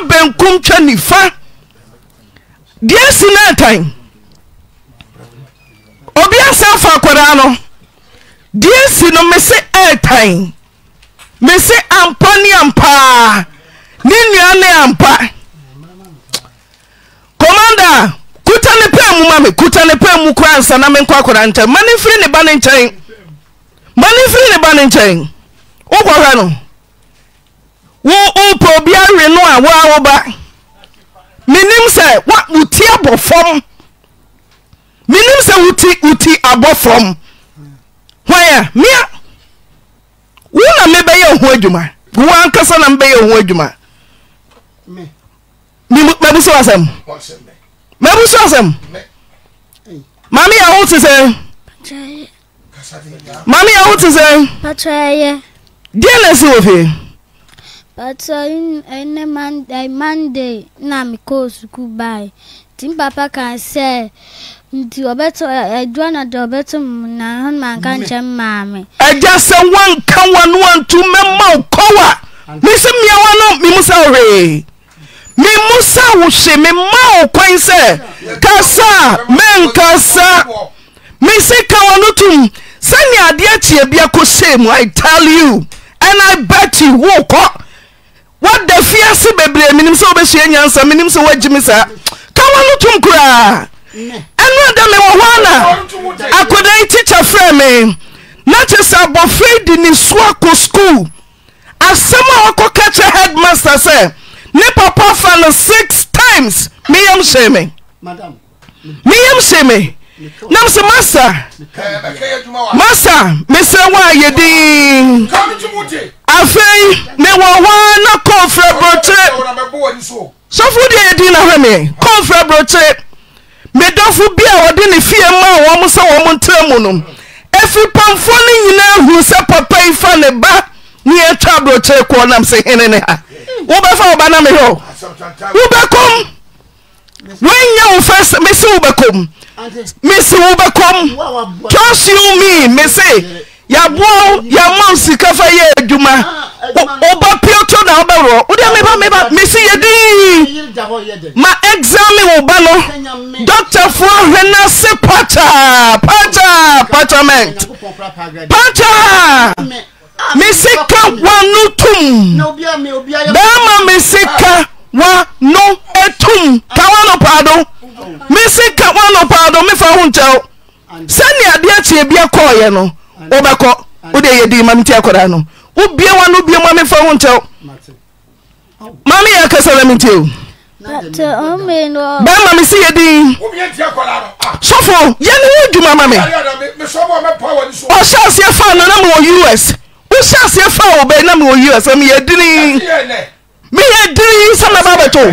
bɛnkum twa nefa deɛ si no ata obi nsa fa akara no deɛ si no mese ata mese ampa ne ampaa ne nua ne ampa kmandaa kutanepaa mumame ktanepaa mu kora nsana menkɔ kada kyɛ ne frine bane nkɛn mane fri ne ba ne nkyɛnwono wo wopɛ obi awe no a woa wo ba menim sɛ woti abɔfɔm menim sɛ wwoti abɔfɔm hwan a mea wo na mebɛyɛ ho adwuma woankasa na mebɛyɛ ho adwuma mabu so asɛm mabu so asɛm mame yɛ ho te sɛ mame yɛ ho te sɛ deɛ na ɛsi wɔ fie But uh, in any man, a Monday, Nam goes goodbye. Tim Papa can say, Nti ọbẹtọ ẹdua eh, eh, na de ọbẹtọ mu na hàn máa nka nkyɛn maame. Ẹja sẹ wọn nka wọn wọn tu mẹ́mà ọkọ wa. Mi sẹ́ mi àwọn náà mi mú sá òrè. Mi mú sá òhè mi má òkwan sẹ́. Kásá mẹ́ nkásá. Mi sẹ́ ka wọn no tum. I tell you and I bet you wọ́n wada fiase bebree menim sɛ wobɛsua nyansa menim sɛ woagye me saa ka wa no tom koraa ɛno ada mewɔ hɔ ana akodan tikya frɛ me na kyɛ sɛ abɔfra di ne soa kɔ skuul asɛm a wɔkɔka kyerɛ headmaster sɛ ne papa fa no six times meyam hyɛ me meyam hyɛ me nam sɛ masa masa mesɛ wo a yɛdin afei ne wɔ hɔa no cɔ frɛ borɔkyere sɛfode yɛdi nahɛ me frɛ brɔkyere medɔfo bi a ɔdene fiema a wɔm sɛ wɔ mntra mu no fipɔmfɔ no nyinaa huru sɛ papayi fa ne ba neɛtwaborɔkyere kɔ nmse hwobɛfwobɛwoyɛos wos wosm yàbọ̀ yàmọ̀ sika fẹ́ yẹ ẹ̀dwuma ọba pioto na ọbẹ̀ rọ̀ ọdẹ mẹba mẹba mẹsi yẹ dín ma ẹgzámi wò ba lọ dọ́kítà fún ọ̀hẹ́nà sí pátá pátá pátámẹ́ǹt pátá mẹsi ka wọnú tum bẹ́ẹ̀ma mẹsi ka wọnú etum ka wọnú paado mẹsi ka wọnú paado mẹfà hùn tẹ́w sẹ́ni adé tiẹ̀ bí ẹ kọ́ ọ̀yẹ́ no wobɛkɔ wode yɛdi ma meti akɔdaa no wobie wa no wobie ma mefa ho ntɛw ma meyɛ akasa na metio bɛma ah. me se yɛdin sɔfo yɛne wo adwuma ma me ɔhyɛ aseɛ faa no na mewɔ us wohyɛ aseɛ faa wo bɛi na mewɔ us meyɛ dini meyɛ dini sɛ mɛba bɛto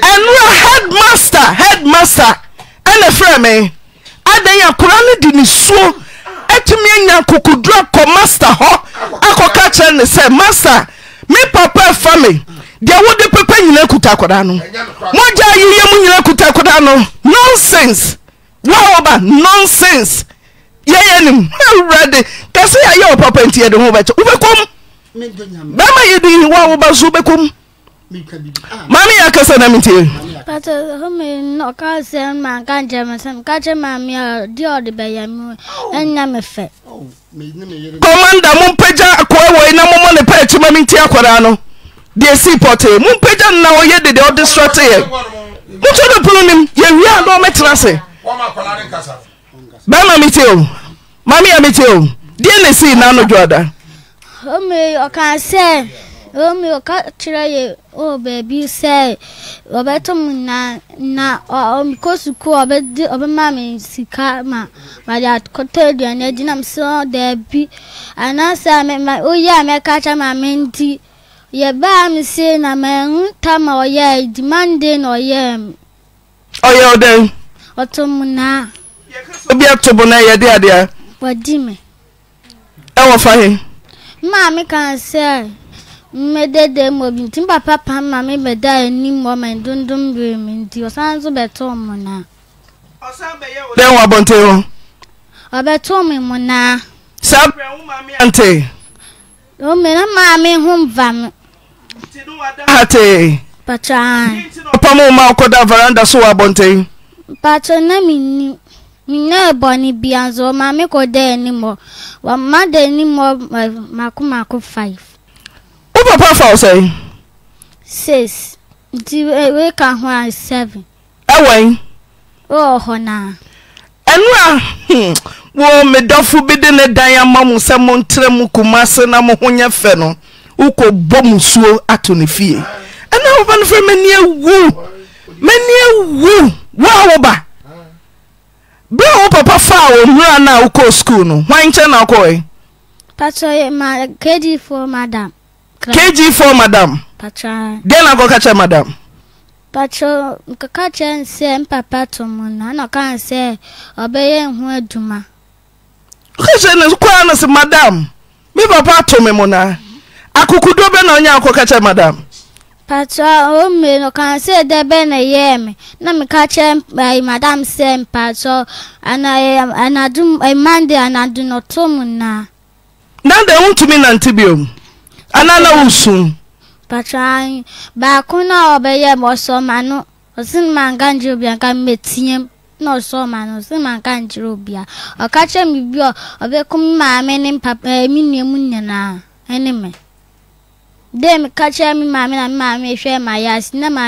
ɛnora headmaster headmaster ɛne frɛ me adɛn akora no de ne suo atumi anya kokoduro kɔ masta hɔ akɔka kyerɛ ne sɛ masta me papa afa me deɛ wode pepa nyina kuta akɔda no mogya ayeyɛ mu nyina kuta akɔda no nonsense wawoba nonsense yɛyɛ nim awurade ka yɛayɛ wɔ papa nti yɛde ho bɛkyɛ wobɛkom bɛma yɛdi wawoba so wobɛkom maame yɛ akasa na mentie Pastor, who may not can't send my can't jam some catch my mere dear the bay and I'm a fit. Commander oh, Mumpeja, a quay way, no more the patch, Mammy Tiaquarano. Dear Seaporte, Mumpeja now yet the ya Eu, meu, tirei o oh, baby sei. Roberto na na o mi ko suku obe di ma mi sika ma ma di anya na so de oh, ma o ya ma m ndi. Ye ba mi na ma hu ta ma ọ ya di mande na o ya mi. ọ ya o mu na. Obi na ye di a. Wadi e, fa mmedede mmɔbi nti papa pam ma me bɛda anim wɔ ma dondom bere me nti ɔsan nso na dɛn wɔ abɔnten hɔ ɔbɛtoo me mo na saa ome na maame ho mva me ate ma varanda so wɔ abɔnten na menni nyinaa bɔne bia nso kɔda anim hɔ wɔma da anim hɔ five papa fa wo sɛe six nti weka ho a seven ɛwɔn wowɔ hɔ naa ɛno a hmm, wo medɔfo bi de ne dan ama mo sɛ montrɛ mu kuma na mo ho nyɛ fɛ no wokɔbɔ mu suo ato ne fie ɛna woba no frɛ m'ani awu m'ani awu wo papa faa wɔ mmura no a wokɔɔ skuul no hwan nkyɛn na wokɔe patɔ ma kadifoɔ madam kg4 madam deɛ na kɔka kyɛ madam patro nkaka kyerɛ mpapa to mu no ana ɔkaa sɛ ɔbɛyɛ ho adwuma no madam me papa to me mo naa akokoduo bɛ na ɔnya kyerɛ madam patro a no ɔkaa sɛ dɛ bɛ na ɛyɛɛ me na meka kyerɛ madam sɛ mpatro anadom anado no to na dɛ wontumi nante anana usum patran baako na ɔbɛyɛ ma ɔsɔ no nka nkyerɛ obi nka mmetinye m na ɔsɔ no nka nkyerɛ obi a ɔka mi bi maame ne papa mu nyinaa na mi maame ma na ma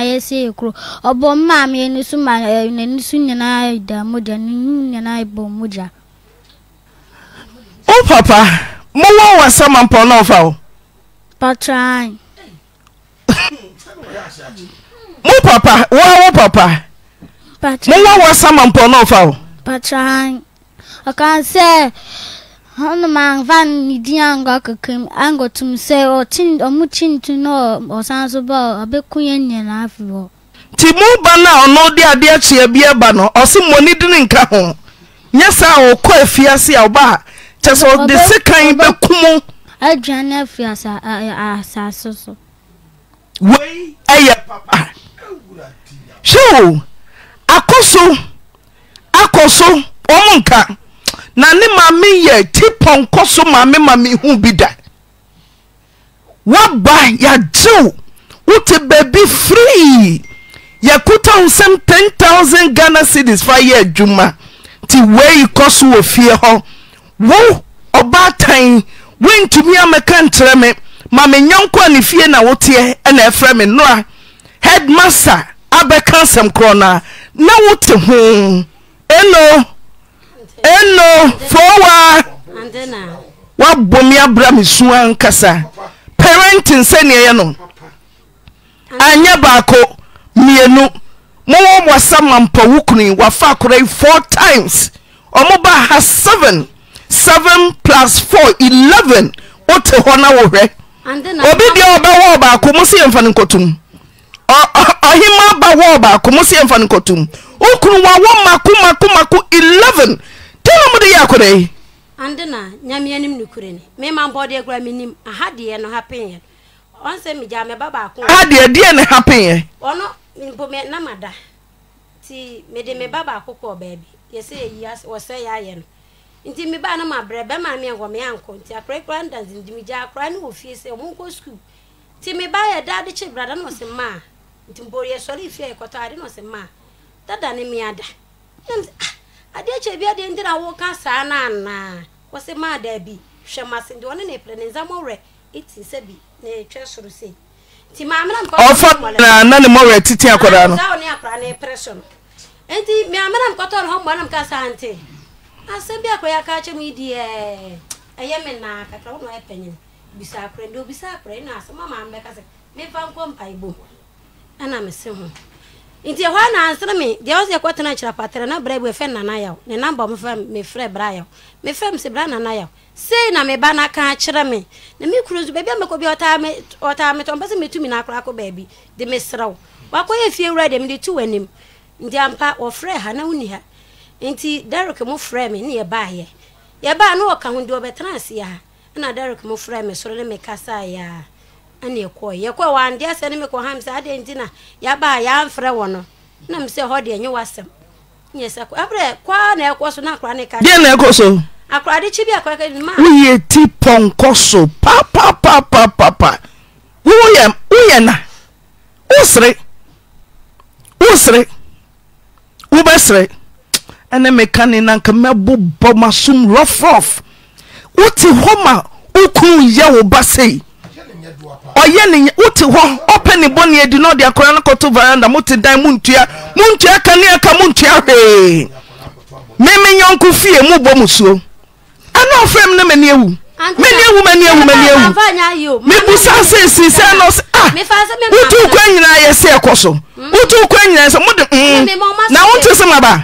ekuro mi maame ma nyinaa da gya papa mo ma mo papa woa wo papa mowa wɔ sama mpɔ na ɔfa wo ɔka sɛ ɔnomamfa nedin angɔ akakam angɔtom sɛ ɔmo kyintu na ɔsan so ba ɔbɛko yɛ nyinaa afiri hɔ nti mo ba no a ɔno de adeɛ kyeɛ bi ba no ɔse mmɔne dine nka ho nyɛ saa wɔkɔ afiase e a wɔba a kyɛ sɛ ɔde sekan bɛku mu aduane afiri asase so. wei ɛyɛ papa hwɛwo akɔ so akɔ so ɔmo nka na ne maame yɛ ti pɔnkɔ so maame maame hu bi da woaba yagyew wote baabi firii yɛkota wo sɛm 10000 ghana cities fa yɛ adwuma nti wei kɔ so wɔ fie hɔ wo ɔbaatan wointumi a mɛka nterɛ me ma meyɔnko ane fie na woteɛ na ɛfrɛ me noa head masa abɛka sɛm korɔ noa na wote ho foa wobme ara mesa kasa parɛntn sɛneɛ no ayɛ akmowɔbasa mampa wo kni wafakoyi f tims ɔmoba ha seven plus 4 11 hɔ na obi deɛ ɔba wɔ baako mo sɛ yɛmfa no nkɔtom ɔhema ọba wɔ baako mo sɛ yɛmfa no nkɔtom wokunu wa mako mako mako 11 tɛna mode yɛ akɔdɛ ande na nyame anim mema menim no megya baako deɛ ne ɔno na mada nti mede meba baako kɔɔ baabi yɛyi yɛayɛ no nti me baa no ma brɛ bɛma me ɛwɔ me ankɔ nti akora kora no danse nti megya akora ne wɔ fie sɛ ɔmonkɔ sukuu nti me baa yɛ daade kye brada na ɔse ma nti mpori yɛsɔre fie a yɛkɔtɔ ade na ɔse maa dada ne me ada nam sɛ ah adeɛ kyɛ bi adeɛ nti na woka saa no anaa wɔse maa daabi hwɛ mase deɛ ɔne ne pere ne nsa mɔwerɛ ɛti sɛ bi ne twɛ soro sei nti maame na mpa ɔfa na na ne mɔwerɛ tete akwadaa no nti maame na mkɔtɔ ne hɔ mmɔ asɛm bi akɔyɛ aka akyɛ mu yi deɛ ɛyɛ me naa kakra wo na ɔyɛ panyin bisa akora deɛ obisa akora ɛna asɛm ama me bɛka sɛ mefa nkɔ mpaebom ɛna me se ho nti ɛhɔ a nansere me deɛ ɔsɛ ɛkɔtena kyerɛ patrɛ na berɛ bu ɛfɛ nanayaw ne namba mfrɛ mefrɛ brayaw mefrɛ m sɛ bra nanayaw sei na meba no aka kyerɛ me na me kuro nso baabi a mɛkɔ bi ɔtaa metɔ mpɛ sɛ metumi no akora akɔ baabi de meserɛ wo wakɔyɛ fie wura deɛ mede tu w'anim nti ampa wɔfrɛ ha na woni ha nti derek mo frɛ me ne yɛbaayɛ yɛbaa ne ɔka ho deɛ ɔbɛtena ase a ɛna derek mo frɛ me soro ne me kasaeɛ a asɛ ne nti na yɛbaa yɛamfrɛ wɔ no na m sɛ hɔ deɛ nyɛ wasɛm nyɛ sɛ ɛberɛ na ɛkɔ so na akora ne ka deɛ na ɛkɔ so akoradekyi bi akɔkɛma woyɛ ti pɔnkɔ so papapapapapa woyɛ woyɛ na wosere wosere wobɛsere ɛne meka ne nanka mɛbobɔ masom rɔfrɔf wote hɔ ma wokunu yɛ wo ba sei ɔyɛ ne wote hɔ ɔpɛ ne bɔne adi na ɔde akɔra no kɔto varanda mote dan mu ntua mu ntua kanea ka mu ntua hwee meme nyɔnko fie mu bɔ mu suo ɛna ɔfrɛ ne m'ani awu mɛni ewu mɛni ewu mɛni ewu mibusa sese sɛ nɔsi ah wotu kɔ nyinaa yɛ sɛ ɛkɔ so mm. wotu kɔ nyinaa yɛ mm. sɛ mo mm na wotu sɛ ma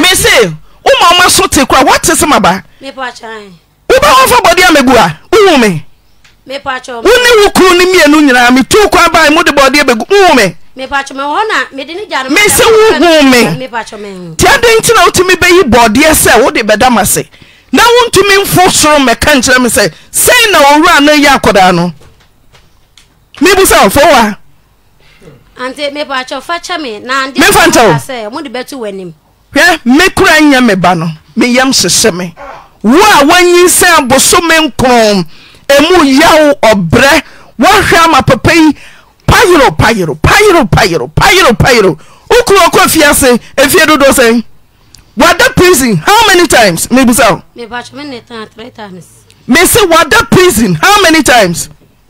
mese woma ɔma so te kora woate se maba woba wɔmfa bɔde a mɛgu a wowu me wone wo kuru no mmienu nyinaa metu kwa baa mode bɔde bɛgu wowu me mese wohu me nti adɛn nti na wotumi bɛyi bɔdeɛ sɛ wode bɛda ma se na wontumi mfo soro mɛka nkyerɛ me sɛ sɛi na ɔwura no yɛ akɔdaa no mebu sɛ ɔfo wa ante mepa kyɛ fakyɛ me na ande mefa nta o sɛ mo de bɛto w'anim hwɛ me kura nyɛ me ba no me yam hyehyɛ me wo a wanyinsɛn abosome nkron emu yaw ɔbrɛ wahwɛ ama papa yi payiro payiro payiro payiro payiro payiro ukuru okɔ fiase efie dodo sɛn wada prison how many times Me o. Me kyɛ me ne tan three times. Me mesi wada prison how many times.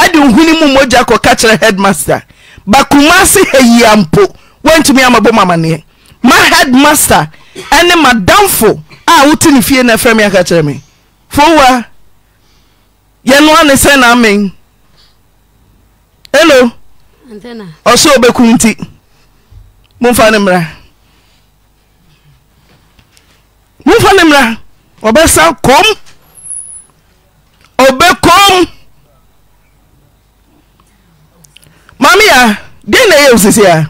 ɛde nhuni mu mogya kɔka kyerɛ headmaster bakumase ayia mpo woantumi amabɔ mu amanneɛ ma headmaster ɛne madamfo a wote ne fie na ɛfrɛ me aka kyerɛ me fowa yɛnoa ne sɛ na amen hello ɔsɛ obɛku nti momfa ne mmra momfa ne mmra ɔbɛsa kom ɔbɛkom mame ya deɛ na ɛyɛ osisi a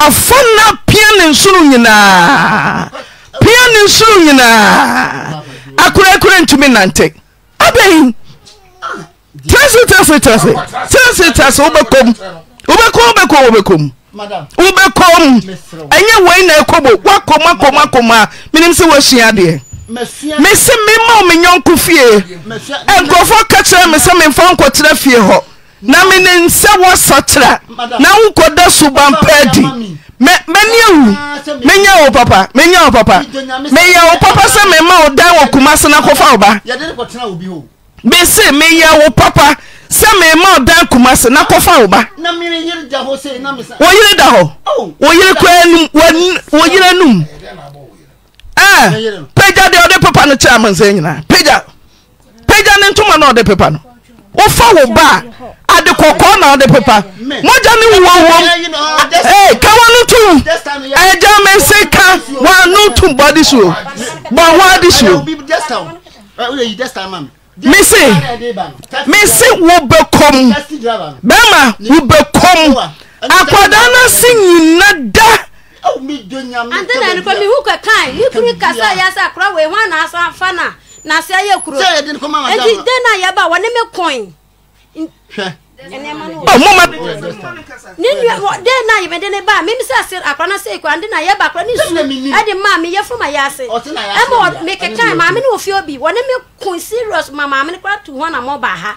afa na pia ne nsoro nyinaa pia ne nsoro nyinaa akorakora ntumi nante abɛi tase tase tase tase tase wobɛkɔm wobɛkɔ wobɛkɔ wobɛkɔm wobɛkɔm ɛnyɛ wei na ɛkɔbɔ woakɔm akɔm akɔm a menim sɛ mesi mema me nyɔnko fie nkurɔfoɔ ka kyerɛ me sɛ memfa nkɔtera fie hɔ na mene nsɛ wɔ sakyera na wonkɔda subanpa adi mɛne awu ah, menya wo papa menya wo papa meya wo papa sɛ mema wo dan wɔ kuma se na kɔfa wo ba mese meya wo papa sɛ mema wo dan kuma se na kɔfa wo ba wo yere da hɔ oh. wo yere koraa num wo yere num Eh, pagya deɛ ɔde pepa no kyerɛ amansa nyinaa pagya pagya ne ntoma na ɔde pepa no wofa wo ba ade kɔkɔɔ na ɔde pepa mogya ne wowɔwɔm ka wano tom agya me nse ka wano tom bɔ ade suo bɔ ho ade suo mese mese wo bɛkɔm bɛrima wo bɛkɔm akwadaa no ase nyina da aw mi jo nyame an tɛ na ni ko mi hu ka kan yi kuri kasa yasa kura wo ehun na asan fana na se ye kuro sɛ yɛde ni ko ma ma da ma eti den na yɛ ba wa ne mi kɔn in. hwɛ ọ mọ ma. ni nua wọ den na yɛ bɛ den ne ba mi mi se ase akɔrɔ na se ekura den na yɛ ba akɔrɔ ni su ɛdi maa mi yɛ fun ma yɛ ase ɛmɛ wɔ mi kɛ kan maame ni o fi obi wɔ ne mi kun serious ma maame ni kura tu hɔn na mɔ ba ha.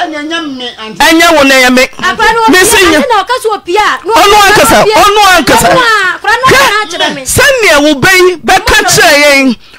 ɛnyɛ wo na ɛyɛ me mese nyɛ ɔno ankasa ɔno ankasa sɛnea wo bɛyi bɛka kyerɛ yɛn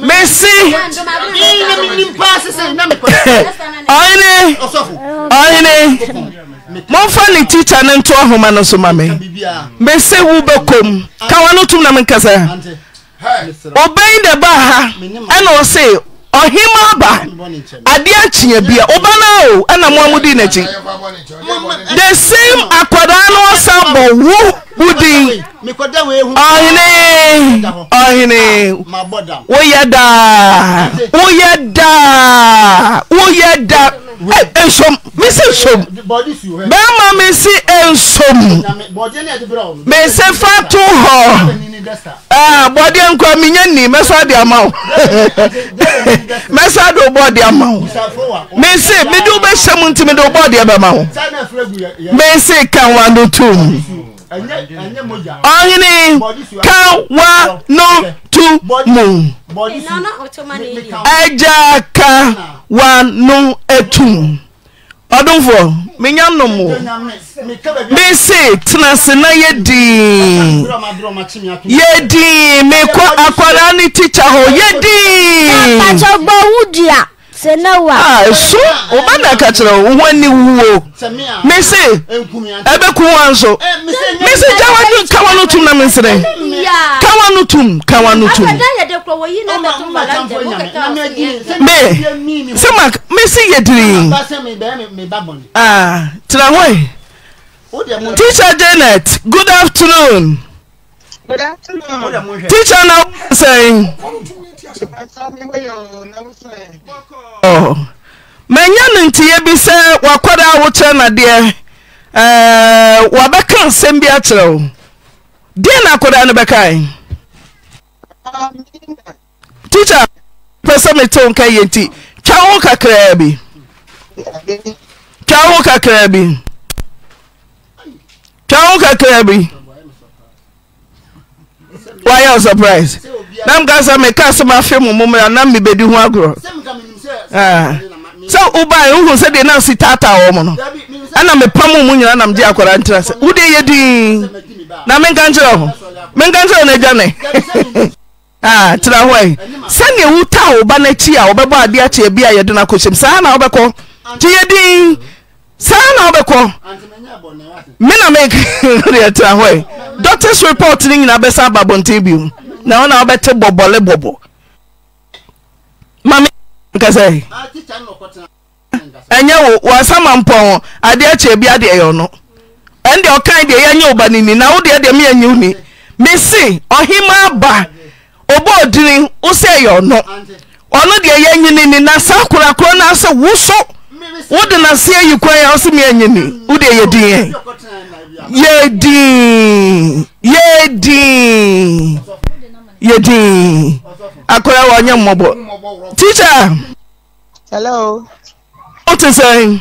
mesi ɔhene ɔhene momfa ne tikya ne nto ahoma no so ma me mesi wobɛkom ka wa no tom na menkasa wobɛn dɛ baa ha ɛna ɔse ɔhema aba adeɛ akyiɛ bia ɔba no o ɛna mo a modi n'akyi the same akwadaa no ɔsa bɔ wo wodin ɔhene ɔhene woyɛ daa woyɛ daa woyɛ daa nsom mi si nsom bẹẹma mi si nsom mi si fatu hɔ aa bɔdeɛ nkura mi nye ni mɛsɔ di ama o mɛsɔ do bɔ di ama o mi si mi di o bɛ hyɛ mu nti mi di o bɔ di ɛbɛ ma o mi si kan wa no tum ɔhene kan wa no tum mu ɛgya kan wa no etum. adomfoɔ menya nomo mɛn se tena se na yɛdi yɛi meka akwara ne tica hɔ yɛ sɛ na wa. so o ba na ka kyerɛ o ho ani wuo mese ɛbɛ kun wa nso mese gya wa ni kawa no tum na mi nsirɛ kawa no tum kawa no tum. bɛɛ sɛ ma mese yɛ diri. aa tira hɔ yi teacher janet good afternoon. good afternoon. teacher na wa sɛn. Oh. manya no nteeɛ bi sɛ woakɔda wotyerɛ na deɛ eh, wɔabɛka asɛm bi akyerɛ wo deɛ na akɔdaa no bɛkae tpɛ sɛ metewokayɛti twa wokakraa biwa woaa bwa w wayɛ surprise ah. na m ka sɛ meka sɛm afe mo momra na mebɛdi ho so sɛ wobaɛ wohu na sitaataa wɔ m no ɛna mepa mo mu na akwara nkyerɛ sɛ ụdị ihe din na menka nkyerɛ ho a ade a saa na wobɛkɔ gye saa na wobɛkɔ mena medeɛtra hɔ doctors report ah, no nyina bɛsa aba abɔnten biom na wo na wobɛte bɔbɔle bɔbɔ ma meka sɛ ɛnyɛ wo wɔasama mpɔn adeɛ akyɛ bi adeɛ yɛ ɔno ɛn deɛ ɔkae deɛ yɛanyɛ wo ba no ni na wo deɛ deɛ meanyi wo ni mese ɔhema ba ɔbɔ ɔdini wo sɛ yɛ ɔno ɔno deɛ yɛanyini ni na saa korakora no asɛ wo so wode naseɛ yi kwan a wo so meanyini wode yɛ din yɛ yɛdin yɛdin akora wɔ ɔnyɛ mmɔbɔ tikya wote sɛn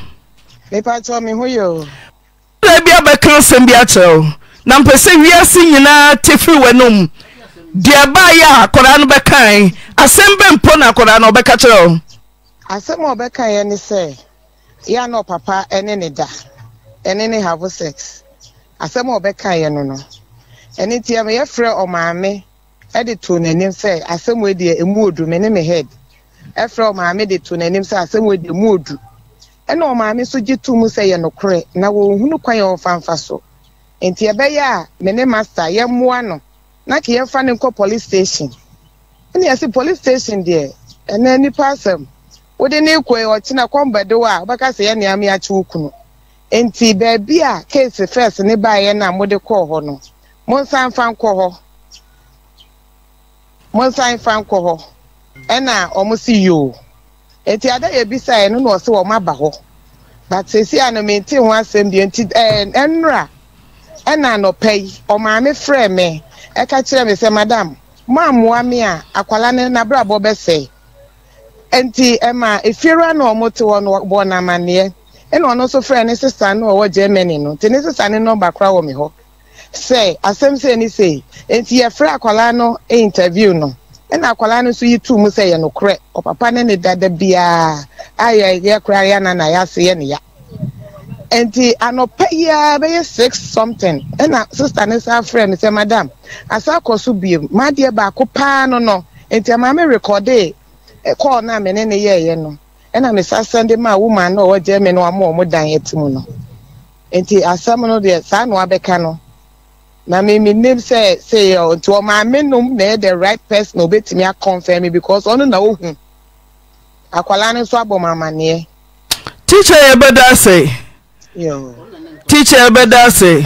da bia bɛka asɛm bi akyerɛ wo na mpɛ sɛ wiase nyinaa tefiri w'anom deɛ baa yɛ a akɔraa no bɛkae asɛm bɛ mpo na akɔraa no ɔbɛka kyerɛ wo ya na ọpapa ne ne da ne ne have sex asɛm a ɔbɛka yɛ no no ɛne ntia me yɛfrɛ ɔmaame e de to n'anim sɛ asɛm wei deɛ emu odu me ne me head ɛfrɛ e ɔmaame de to n'anim sɛ asɛm wei deɛ emu odu ɛna ɔmaame nso gye to mu sɛ yɛ nokorɛ na wɔnhunu kwan yɛ ɔfamfa so nti ɛbɛyɛ a me ne master yɛmmoa no na ka yɛmfa ne nkɔ police station ɛna yɛsi police station deɛ ɛna nipa asɛm wode ne kwe ɔkyena kɔmba wɔ a wobɛka sɛ yɛne ame akye wo kunu nti baabi a ne baeɛ no a mode kɔɔ hɔ no monsan fa nkɔ hɔ monsan fa nkɔ hɔ ɛna si yoo eti ada na aba hɔ but sisi a no ti ho asɛm bi nti ɛɛ ɛna anɔpɛ yi ɔmaame frɛ ɛka kyerɛ sɛ madam a akwala n'abrabɔ nti ɛma efiewura na wɔn te hɔ no bɔ n'amanneɛ ɛna ɔno nso frɛ ne sista no ɔwɔ germany no te ne sista ne nɔmba kora wɔ mi hɔ sɛ asɛm sɛ ni sɛ nti yɛfrɛ akwadaa no interview no ɛna akwadaa no nso yi tuu mu sɛ yɛ nokorɛ ɔpapa ne ne dada biara a yɛ yɛ kora yɛ nana yɛ ase yɛ ne ya nti anɔpa yia bɛyɛ six something ɛna sista ne sa frɛ ne sɛ madam asa akɔ so biem madeɛ baako paa no no nti maame rekɔde kɔɔ no a me ne ne no ɛna mesa sɛnde ma a woma ɔwɔ gya me no ama ɔmo dan ɛte mu no nti asɛm no deɛ saa na wabɛka no na me me nim sɛ sɛ yɛ nti ɔmaame nom na yɛ e the right person na obetumi akɔnfɛn mi because ɔno na ohu akwalaa no nso abɔ mu amaneɛ. tikya yɛ bɛ da ase tikya yɛ bɛ da ase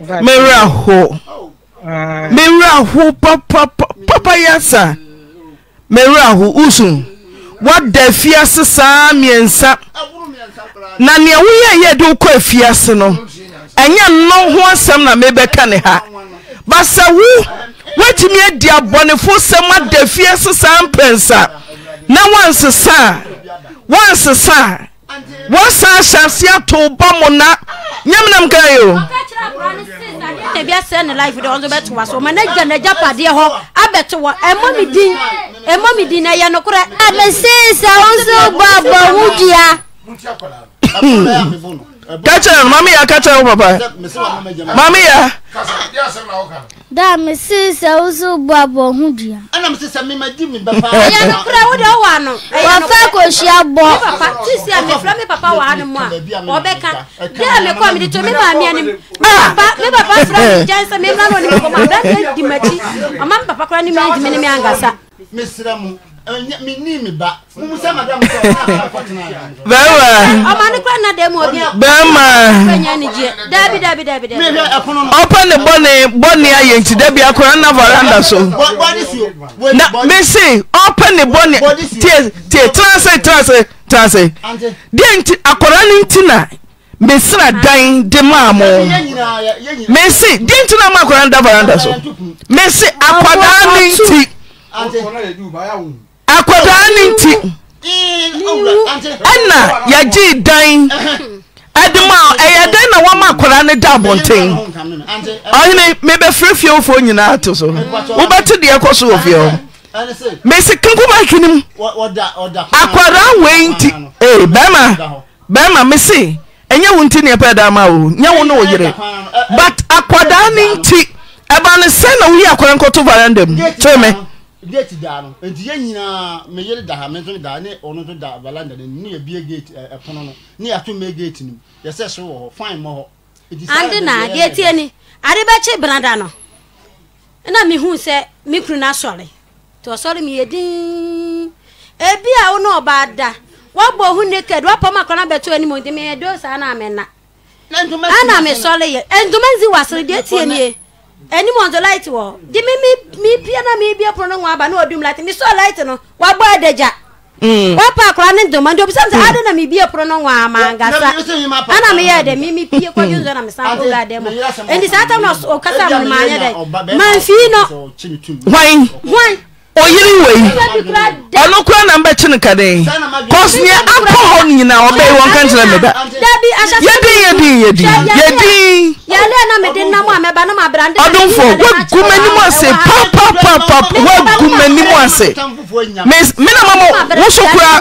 mewura ho ah. ho papa papa yasa. mewurahu usun wada afiase saa mmiɛnsa na nea woyɛ yɛ de wokɔ afiase no ɛnyɛ nnɔ ho asɛm na mebɛka ne ha basa wo woatumi adi abɔnefo sɛm ada afiase saa mpɛnsa na wansesa a wansesa a wɔsan ahyɛ ase ato ba mo na nyam nam kan yi o. na bi ne life de ɔno bɛto wa so ma na gya n'agya padeɛ hɔ abɛto wɔ ɛmɔ mi din ɛmɔ mi din na ɛyɛ no korɛ. abɛsesa nso bɔ abɔ ho dua. kakyɛ no ya kakyɛ wo papa maame ya. da mesi sɛ woso bu abɔ ho dua ɛnam sɛ sɛ memagye me bɛpa ɛyɛ no korɛ wode wowɔ ano wɔfa kɔhyia bɔ tusi a mefrɛ me papa wɔ ano mu a ɔbɛka dɛ a mekɔ mede to me maame anim me papa frɛ me gyɛn sɛ memmra no ɔne mekɔmɔ abrɛ di m'akyi ɔma me papa kora ne meagyime ne me ankasa mesrɛ mu bɛɛma bɛɛma ɔpɛ ne bɔne bɔne ayɛ nti dabi akora na varanda so na mese ɔpɛ ne bɔne tie tie transe transe transe deɛ nti akora no nti na mesira dan de maa mo mesi di nti na ma akwadaa da varanda so mesi akwadaa ni nti akwadaa oh. ne nti mm, oh, ɛna yɛgyee dan ɛde mu a mm. ɛyɛ dan na wɔn akwadaa ne da abɔnten ɔhene mebɛfiri fie wofo nyinaa to so wobɛte deɛ kɔ so wɔ fie hɔ mesi kanko baaki ne mu akwadaa wei nti ee bɛrima bɛrima mesi ɛnyɛ wo nti ne ɛpɛ da ma wo nyɛ wo ne wo yere but akwadaa ne nti ɛba ne sɛ na woyi akwadaa nkɔto varanda mu kyerɛ me. gate daa no nti yɛn nyinaa me yere da ha me nso da ne ɔno nso da balanda ne ne yɛbie gate ɛpono no ne yɛato gate so wɔ hɔ mɔ hɔ. ande na gate ni ade no sɛ ɔsɔre yɛ ebi a wɔn ɔbaa da ohu naked akɔnɔ abɛto anim yɛ do saa na me na ɛna me sɔre yɛ ntoma nzi wasere deɛ ɛni mɔnzɔ laiti wɔ di mi mi bia na mi bia pono na ŋun aba na ɔdum laiti mi sɔ laiti no wa bɔ ɛdɛgya. wa pa akora ne ntoma nti obisa sɛ ade na mebie poro no wa amangasa ana meyɛ dɛ meme pie kɔdwe nsɔ na mesan kɔ wura dɛ mu enti saa tam na ɔkasa mmemanyɛ dɛ mamfii no hwan hwan oyiri wei ɔno kora na mbɛkye no kaden cause neɛ akɔ hɔ no nyinaa ɔbɛyi wɔn ka nkyerɛ meda yɛdin yɛdin yɛdin yɛdin ɔdomfo woagu m'anim ase papapapap woagu m'anim ase mena ma mo wo so kora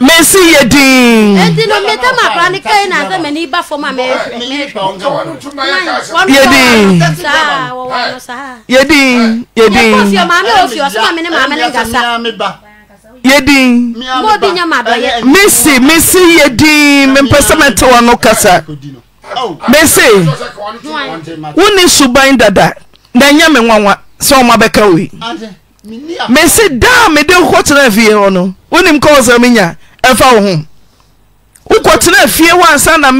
mesi yɛ din. eti no mbɛ tɛ ma kura ni kɛyi na sɛ mɛ n'i ba fɔ ma mɛ mɛ yɛ din yɛ din yɛ din. ne ko eh, fiyɔ maa mi o fiyɔ sɔgɔ mi ni maa mi ni gasa. yɛ din. m'o bi ɲɛ ma dɔ yɛ. mesi mesi yɛ din mɛ pɛsɛ mɛ tɛ wa n'o kasa mese wone suban dada na ɛnyɛ me nwanwa sɛ ɔma bɛka wei mese daa mede hɔ tena fie hɔ no onim cal s menya ɛfa wo ho wokɔ tena afie wɔansa na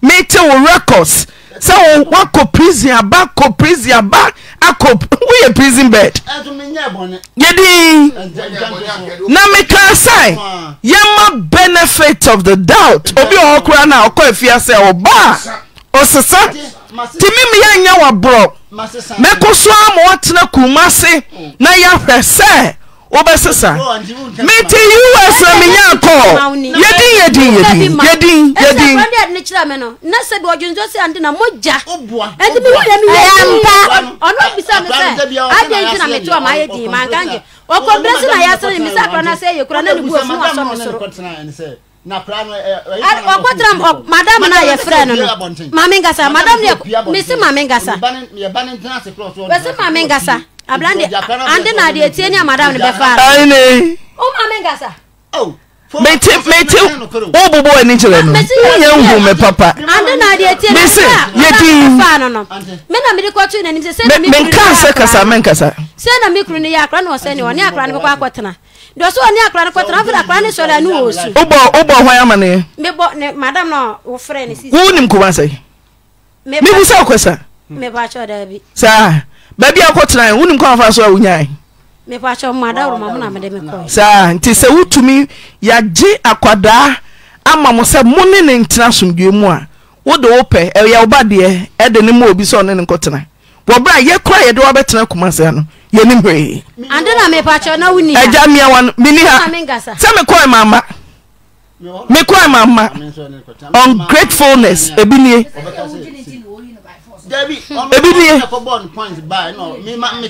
mete wo records sɛ woakɔ presen aba presn aba awoyɛ prison berd yedi na mekaa sai yɛma benefit of the doubt obi ɔhɔ kora na ɔkɔ afie asea ɔbaa ɔsesa ntimemeyɛnya wbor mɛko soa mowatena kuma se na yɛhwɛsɛ wobɛsesa mete us na menya kɔ yɛdin yɛdin yɛdin yɛdin yɛdin. ɛsɛ ɛdi ne kyerɛ mi no andi na mo ja ɛdi mi wuli mi yɛ mpa ɔno bisa na mi ti wa ma yɛ di na yɛ asɛn mi sɛ akora na na ni bu efun wa sɔ mi soro ɔkɔtera madam no a no no mame nkasa madam no mese mame nkasa bɛse mame nkasa abrande oh, oh, oh, ande na de tie ni amada ne befa ai ne o ma menga sa oh mete mete wo bobo ani kyerɛ no woyɛ nhu me papa mese yɛdinmenka sɛ kasa menkasa sɛna me kuru no yɛ akra ne ɔsɛne ɔne akra no mekɔ akɔtena deɛ ɔsɛ ɔne akra no kɔtena afei akra ne sɔre ane wɔ su wobɔ hwan ama neɛ mebɔ madam no wofrɛ ne sisi wonim kuma sɛ mebu sɛ wokɔ sa mebɔ akyɛ daa bi saa baabi a kɔtena wonim kwan fa so a wonyae saa nti sɛ wotumi yɛagye akwadaa ama mo sɛ mo ne ne ntena asomdwe mu a wode wopɛ ɛyɛ e wo ba deɛ ɛde e ne ma obi sɛ ɔne ne nkɔtena wɔberɛ a yɛkora yɛde wabɛtena kuma sɛ no yɛnim hwee agya no e meni ha sɛ ah, mekɔe mama mekɔe mama ungratefulness ebi nie Hmm. ebi ni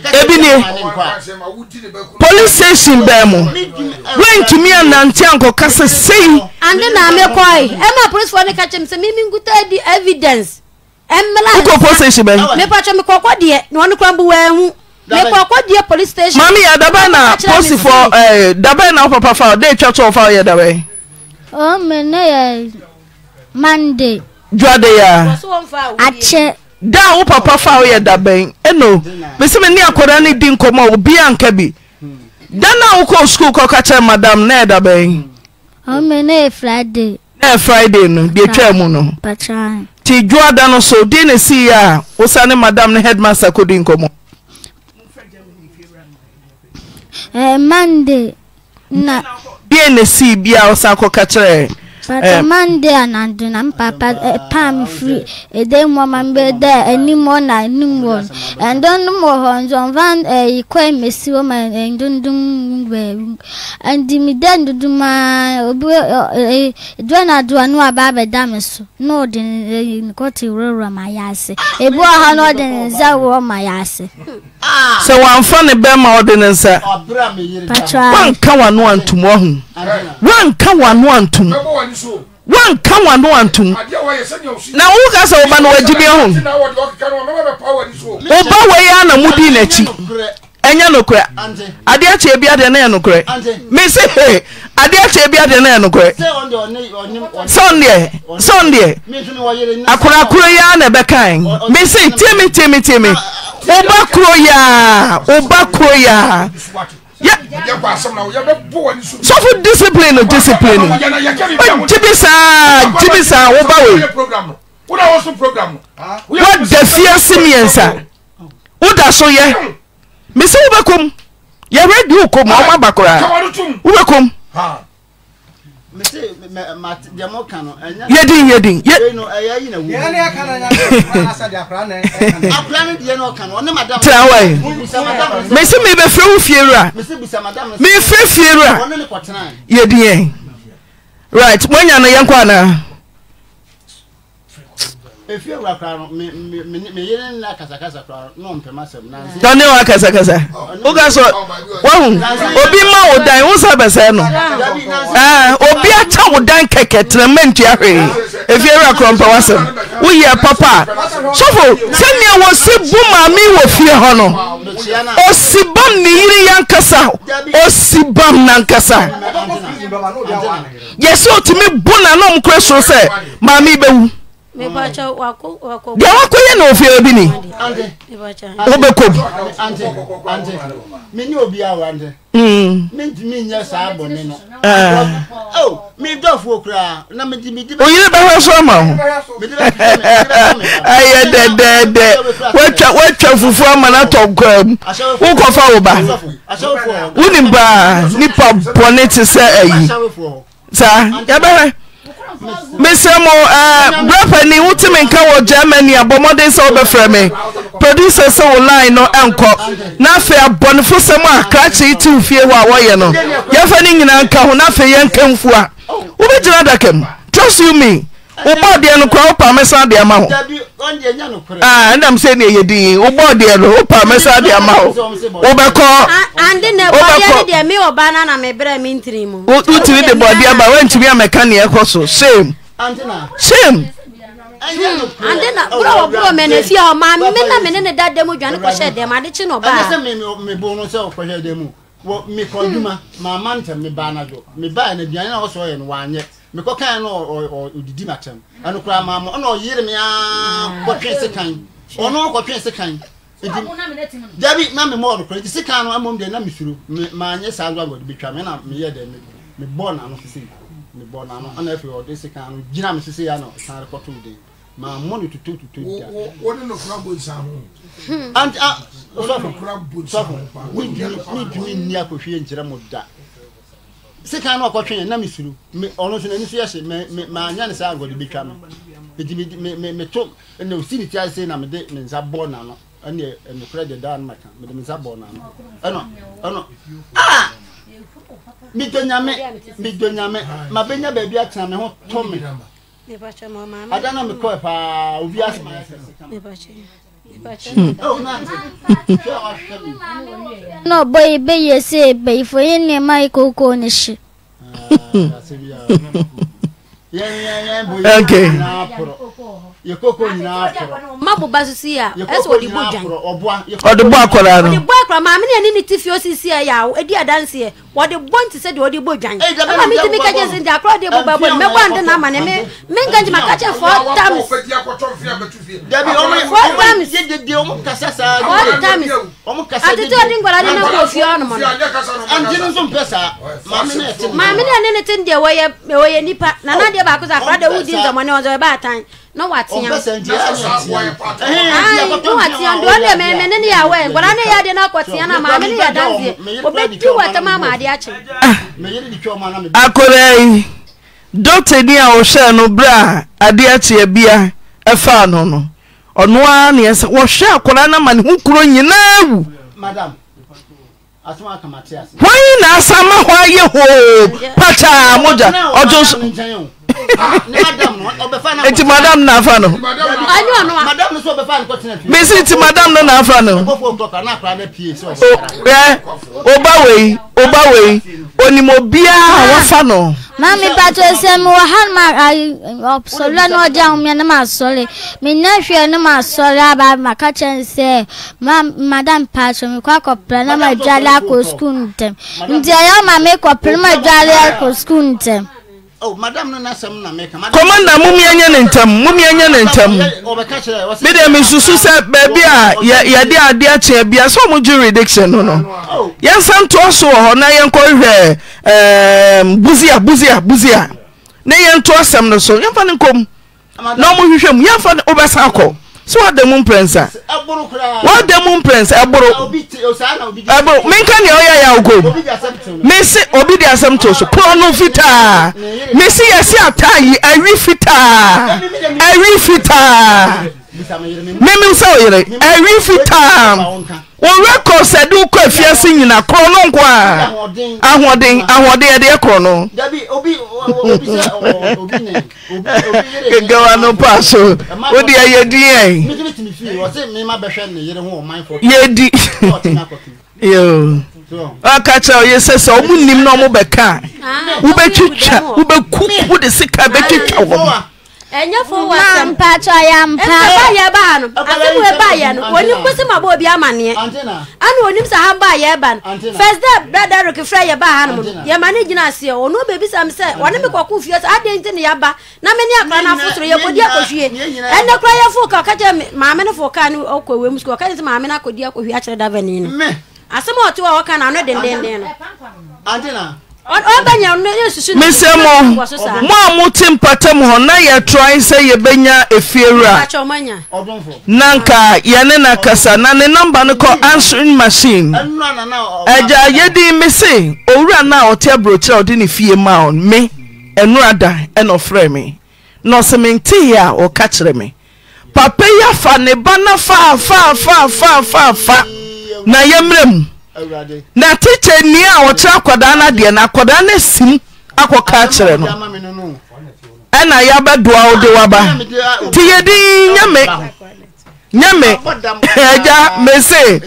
ebi ni police station bɛɛ mu wɛntumi anante ankɔka sɛ sei. ande na ame kɔ yi ɛma polisi fɔ ne ka kyɛn mi sɛ mi mi nkuta di evidence ɛmɛla nsa wokɔ police station bɛɛ. mepatwa mi kɔkɔ deɛ na wɔn kura bu wɛn ho mekɔkɔ deɛ police station. maami yɛ dabɛ na posifɔ ɛɛ dabɛ na papa fa ɔde etwa tɔ ɔfa yɛ dabɛ. o mɛ ne yɛ mande. jɔde ya. akyɛ da wo papa fa da dabɛn ɛno mese me ne akɔda ne di nkɔmmɔ obia nka bi da na wokɔɔ sukuul kɔka kyerɛ madam na ɛda bɛn na ɛ friday no deɛ twaa mu no nti dwoa da no so din ne siiɛ a wo sa ne madam ne headmaster kɔdi nkɔmmɔ eh, deɛ ne sii bia wo sa kɔka kyerɛ papa mande anadona mpapa pam firi ɛdɛ mu ɔma mbɛ dɛ anim hɔ na anim hɔ ɛndondom wɔ hɔ nzɔnva ɛyi kɔ emesi hɔ ma ɛndondom eh, bɛɛbi ɛndimidɛ eh, ndodoma eh, obi ɛɛ doa na doa no aba abɛda mi so na ɔde ɛyi nkɔte wurawura ma yɛ ase ebi wɔ ha na ɔde ne nsa wɔ ma yɛ ase. sɛ wàmfa ne bɛrima ɔde ne nsa wanka wano antum ɔho wanka wano antum. woanka wano antom na antum na woba no w'agyibiɛ ho woba wei a na mudii n'akyi ɛnyɛ nokorɛ adeɛ akyeɛ biadeɛ ne yɛ nokorɛ me se he adeɛ akyeɛ biadeɛ ne yɛ nokorɛ sɛndeɛ sɛndeɛ akorakoro yi a na ɛbɛkae me se tiemi tiemi tiemi ah, ah, ah. woba koro yi a woba koro yi a sɔfo discipline discipline jibi saa jibi saa wo ba wo wo da fie si miɛnsa wo da so yɛ mesi wo bɛ kom yɛ redi wo kom ɔmo aba koraa wo bɛ kom yedin yedin ye. tirawai mesi mi bɛ fere wo fie ra mi fere fie ra yedin yɛ right mo nya no yɛn kɔ ana efi ewa kura no me me me yere nna kasakasa kura no mpɛ ma sɛm nansi. dɔnni wa kasakasa o ka sɔ wahu obi ma o dan o sa bɛsɛ no obi ata o dan kɛkɛ tẹnɛmɛ nti ahwɛ efi ewa kura mpɛ wa sɛm o yɛ papa sɔfo sɛnea wɔ si bu maami wɔ fie hɔ no o si bam ne yiri yan kasa o si bam nan kasa yɛsi o ti mi bu na nom kura so sɛ maami bɛ wu deɛ mm. wakɔyɛ na ofie bi ni wobɛkɔm mene obi awande mentumi mm. nyɛ saa bɔne no eh. oh, medɔfoɔ koraa na oyere bɛhwɛ so ama ho ayɛ dɛdɛɛdɛ woatwa fufu ama no atɔ nkwaa mu wokɔfa wo ba wonim baa nipa bɔne te sɛ ayi saa yɛbɛhwɛ mesrɛ mo eh, brɛpani wotumi nka wɔ germany a bɔmmɔden sɛ wobɛfrɛ me producer sɛ wo line no ɛnkɔ na afei abɔnefo sɛm a krakye te wo fie hɔ a wɔyɛ no yɛfa no nyinaa nka ho na afei yɛnka mfu a wobɛgyina adaka mu trust you me wobɔ deɛ no kora wopa mɛsa de ama ho ah, ɛnam sɛ ne ɛyɛ din wobɔ deɛ no wopa mɛsa de ama ho wobɛkɔ wotiri de bɔde aba woantumi amɛka neɛ ɛkɔ so sam sam ande na bro wɔ bro mɛ ne fie hɔ maa me na me ne ne da dɛm dwane kɔhyɛ dɛm ade kye na ɔbaa ɛnɛ sɛ mebo no sɛ ɔkɔhyɛ dɛm wɔ mekɔ hmm. adwuma maama ntɛm mebaa no adwo mebaa no aduane na ɔsɛ ɔyɛ no waanyɛ mekɔ kan no ɔdidi matam ɛno koraa ma mɔ ɛna ɔyere me aa mm. kɔtwe sekan ɔno kɔtwe sekan dabi na me mɔɔ nokora nti sekan no mmom deɛ na mefiro maanyɛ saa agorɔ agorɔ de bɛtwa me na meyɛ dɛ mebɔɔ n'ano sese mebɔɔ n'ano ɛna afei ɔde sekan no gyina me sese ya na ɔsan rekɔto me den maa mɔ ne tutu tutu da. wo ne nokora bɔ nsa ho. anti a sɔfo sɔfo mi dumi ni akɔhwie nkyerɛ mo da sika no ɔkɔtwe yɛn nam isiru ɔno nso n'ani so yɛ hye maanya ne saa agɔde betwa no mede meto na osi ne ti ase na mede me nsa bɔ n'ano ɛne nokorɛ deɛ daa no maka mede me nsa bɔ n'ano ɛno ɛno a ah! medɔ nyame medɔ nyame mabɛnya baabi atena me ho to me ada na mekɔɛ paa obi ase ma na ọbọ ebe ya esi ebe ifo ihe na-eme anyị ka okwu onishi okay. yekoko nyinaa kɔrɔ mma boba sisi a ɛsɛ ɔde bɔ dwan ɔde bɔ akɔra no ɔde bɔ akɔra maame ne ani ne ti fi osisi yɛ awo edi adanseɛ wɔde bɔ nti sɛ deɛ ɔde bɔ dwan ɛma mi ti mi kɛgye si nti akɔrɔ de bɔ bɔ bɔ mɛ bɔ ande na ama ne mi mi nka gyima kakyɛ fɔ tams fɔ tams fɔ tams atete ɔde nkɔla de ne kɔ fie ɔnom no maame ne ani ne ti deɛ wɔyɛ wɔyɛ nipa nana deɛ baako sɛ akɔrɔ de wudi nsɛmɔ ne ɔzɔ ɛbɛ atan. na na na na na akɔrɛ yi dɔkta ni a no berɛ e a bia ɛfa no no ne ɛsɛ wɔhwɛ no ma ne ho kuro nyinaa wu. wɔn na asama hɔ ayɛ hoo pataa mogya ɔdwo so. nti madam na afa no mesi nti madam no na afa no oba wei oba wei onim obiara a wafa no mami pato sɛ mewɔ ha ma ɔsɔre na ɔgye ahomeɛ no maasɔre menya hwɛ no maasɔre aba maka kyɛ ne sɛ madam pato mekɔ akɔpra na madware akɔ skul ntɛm nti ɛyɛ ma mekɔpra na madware akɔ skul ntɛm kɔmmanda momayɛ ne ntm momanyɛ ne ntam bideɛ mesusu sɛ baabia yɛde ade kyeɛ bia sɛ omo juridiction no no oh. yɛnsa ntoɔ so ɔ hɔ na yɛnkɔhwɛ ehm, buze abz a buzi a ne yɛ ntoɔ sɛm no so yɛmfa no nkomna ɔmohwehwɛ mu yɛfa wobɛsa akɔ so wada mu mprɛnsa wada mu mprɛnsa ɛboro ɛboro minka nea ɔyɛ ya ogo mesi obi di asɛm to so pono fitaa mesi yɛsi ataayi awi fitaa awi fitaa mímí sẹ oyere ẹwí fitaa òwe kọ sẹdi kọ efiase nyina kọ no nkọ a ahoɔden ahoɔden ɛdi ɛkọ no. gẹgẹwa no pa so o di ɛyɛ di yɛn. yɛ di yoo ɔka kyerɛ ɔyɛ sɛ sɛ ɔmu nim na ɔmu bɛ ka wobɛtwitwa wobɛkuku de sika bɛtwitwa wɔn. ɛnyɛ fo wɔ sɛm ya mpa ba yɛ ba no asɛm wɛ ba yɛ no onim kusi ma bɔ obi amaneɛ ɛna onim sa ha ba yɛ ba no first day brother rick frɛ yɛ ba ha no yɛ ma ne gyina aseɛ ɔno beebi sɛm sɛ ɔne mi kɔkɔ fie nti ne yɛ ba na me ne akora na afotoro yɛ bɔ di akɔ fie ɛnɛ kora yɛ ka ɔka kyerɛ maame ne fo ka ne ɔkɔ ewem sukuu ɔka kyerɛ sɛ maame ne akɔ di akɔ fie akyerɛ dava no asɛm a ɔte hɔ a ɔka na ano dendenden no. mesɛ mu mo a mote mpatam hɔ na yɛtrae sɛ yɛbɛnya efiewura na nka yɛne na kasa na ne namba no kɔ answering machine agya yɛdi me se owura na a ɔte aborɔkyerɛ a ɔde ne fie ma ɔ me ɛnora da ɛna ɔfrɛ me na ɔsɛ menteeɛ a ɔka kyerɛ me papa yi afa ne ba na fa na yɛmmerɛ mu na tikya nni a wɔkyerɛ akwadaa no deɛ no akwadaa no asim akɔka kyerɛ no ɛna yɛabɛdoa wo de waba nti yɛdi nyame nyame agya mese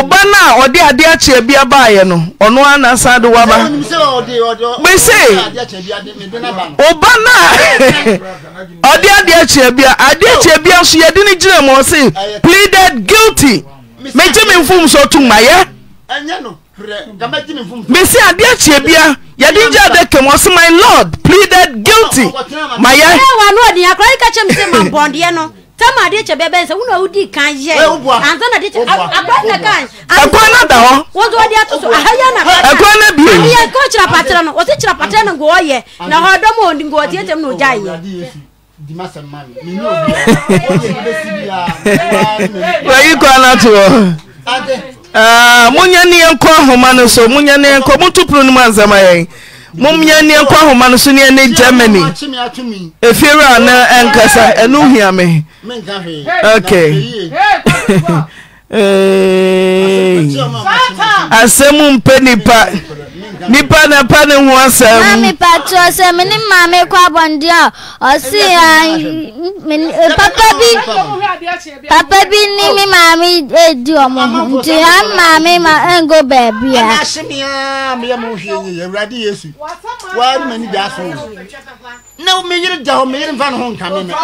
oba no a ɔde ade akyea bia baeɛ no ɔno anasan de woaba mese oba no a ɔde ade akyea bia ade akyea bia so yɛde no gyina mɔ se pleaded guilty megye me mfomso to mmayɛ mesi adeɛ kyeɛ bia yɛde gya da kam ɔse my lord pleaded guilty mayɛ tama adi kyɛ bɛɛ bɛ nsɛ wuna odi kan yɛ ansa na di kyɛ akɔn na kan. ɛkɔn na da hɔ. wɔn tó di ato so ahaya na bɛ ɛkɔn na bi yen. ɛyɛ kɔ kyerɛ patira no wɔsi kyerɛ patira no nkɔ yɛ na hɔ dɔm wɔ nkɔ tiɛ tiɛ mu na o yɛ di ma sɛ ma mi mi ni obi o yɛ bi si bi a wɛyi kɔ anato wɔ munya ni yɛn kɔ ahoma no so munya ni yɛn kɔ mutu puru ni mu ansama yɛn munya ni yɛn kɔ ahoma no so ni yɛn ni germany efiru a na ɛnkasa ɛnu hia mi okay. asɛm mpɛ nipa nipa na pa ne ho asɛm. maami pato sɛ mi ni maami kɔ abɔnde a ɔsi a papa bi papa bi ni mi maami edi ɔmo ho nti ha maami ma ngo beebi a. ɛna ase mi aa mi yɛ mo hwɛ yie awurade yesu waa ma na mi yiri da hɔ mi yiri nfa ne ho nka mi mi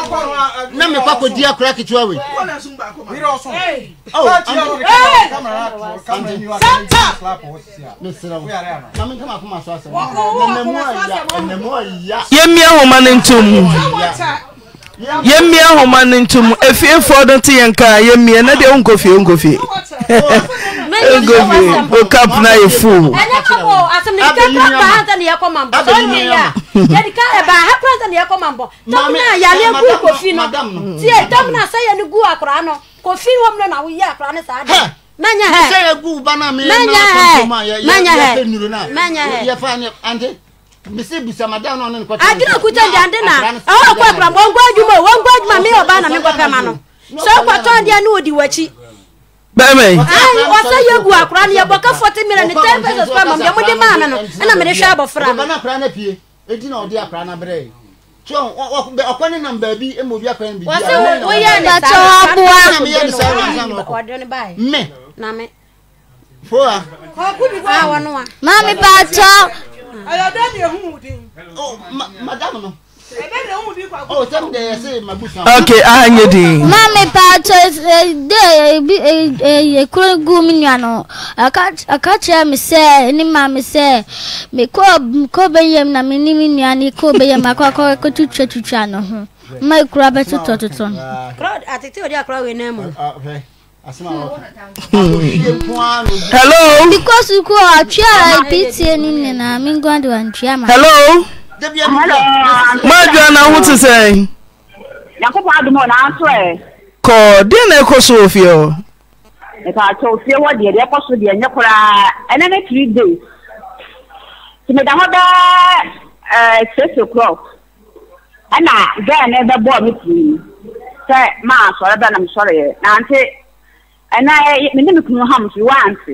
na mi kɔ akɔ di akora ketewa wei. ɔwɔ oh, yɛmmia homa no ntom yɛmmia homa no ntom afiefoɔ no te O kap na deɛ wonkɔfie wonkɔfie wonkɔfie wokap no ayɛ fuu kɔfi wɔm no na woyɛ akora ne saa de menya he sɛ yɛ gu ba na me na kɔntoma yɛ yɛ fɛ nuru na yɛ fa ne ante misi busamadan na adina kuta ndi ande na ɛwɔ kɔ akura bɔ nkɔ adwuma o nkɔ adwuma mi yɛ ɔba mi kɔ pɛ no sɛ ɔkɔ tɔn deɛ ne odi wɔkyi bẹẹmi. ayi ọsẹ yegu akura ni yabọ ká forty million ni ten pesos pa mọ mi ọmọdé maa mi no ẹna mi de hwẹ abọfra. ọba náà akura náà pie eti náà ọdí akura náà bẹrẹ tí ọkọ ní nam bẹẹbi emu obi akọ ní bìbí. wọ́n sẹ́ wọ́n yẹ́ ní sáà ní sáà ní ọkọ̀ ọdún báyìí. Name. Poa. Awa noa. Mami pacho. Ayadani ehu din. Oh, ma madam Oh, tell me they say mabusa. Okay, ah nye din. Mami pacho de bi e kuro gu mi nua no. Aka aka kya me say na hello. because ukwu atwi a pta ni ne na mi ngon de hello. mmadụ na ahụ te sị. yakubu adum ọ na-atụ ẹ. kọ di na ekọ so ofie ọ. nípa àti three days tìmídà hɔ bɛɛ six o'clock ɛna ɛyɛ eh, eh, me ne ham fi wansi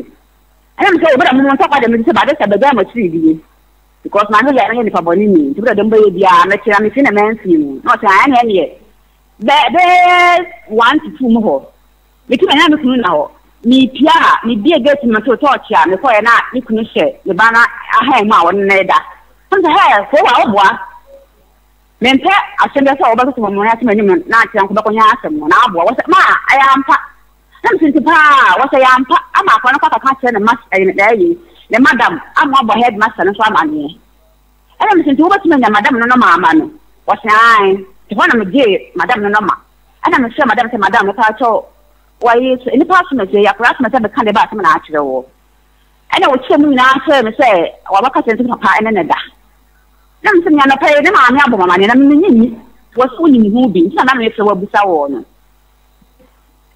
ɛna sɛ obi mu nsa kwa da mi sɛ ba de sɛ mo tiri bie because maa mi yɛrɛ nipa bɔ mi nti bi dɛm bɛyɛ bia mɛ kyerɛ mi fi na mɛ nfi mu na ɔsɛ ayɛ na ɛyɛ bɛɛ one to two mu hɔ mi ti ma ɛna mi na hɔ mi pia a bie gate mi to tɔɔkye a mi kɔ yɛ na mi kunu hyɛ mi ba na ahan e mu a wɔn nan e da ɛn sɛ hɛɛ fo wa ɔboa mɛ mpɛ asɛm bɛ sɛ ɔbɛsɛ na msinti paa wɔsɛ yɛampa ama akɔ no kɔkɔka kyerɛ ne ma ɛyi ne madam ama ɔbɔ head master no so amanneɛ ɛna msinti wobɛtumi anya madam no no ma ama no madam no ma ɛna mesrɛ madam sɛ madam mepaa kyɛw wɔyi so nnipa asomɛsɛ yɛakora asomɛsɛ meka ne ba asɛm na akyerɛ wɔ ɛna wɔkyerɛ mu nyinaa kyerɛ me sɛ wɔbɛka kyerɛ nti papa ɛne ne da na mesɛ meanɔpɛ ne maame abɔ mamanneɛ na memenye nni wɔsɛ wonim ho bi nti na na mefrɛ wɔabusa wɔ no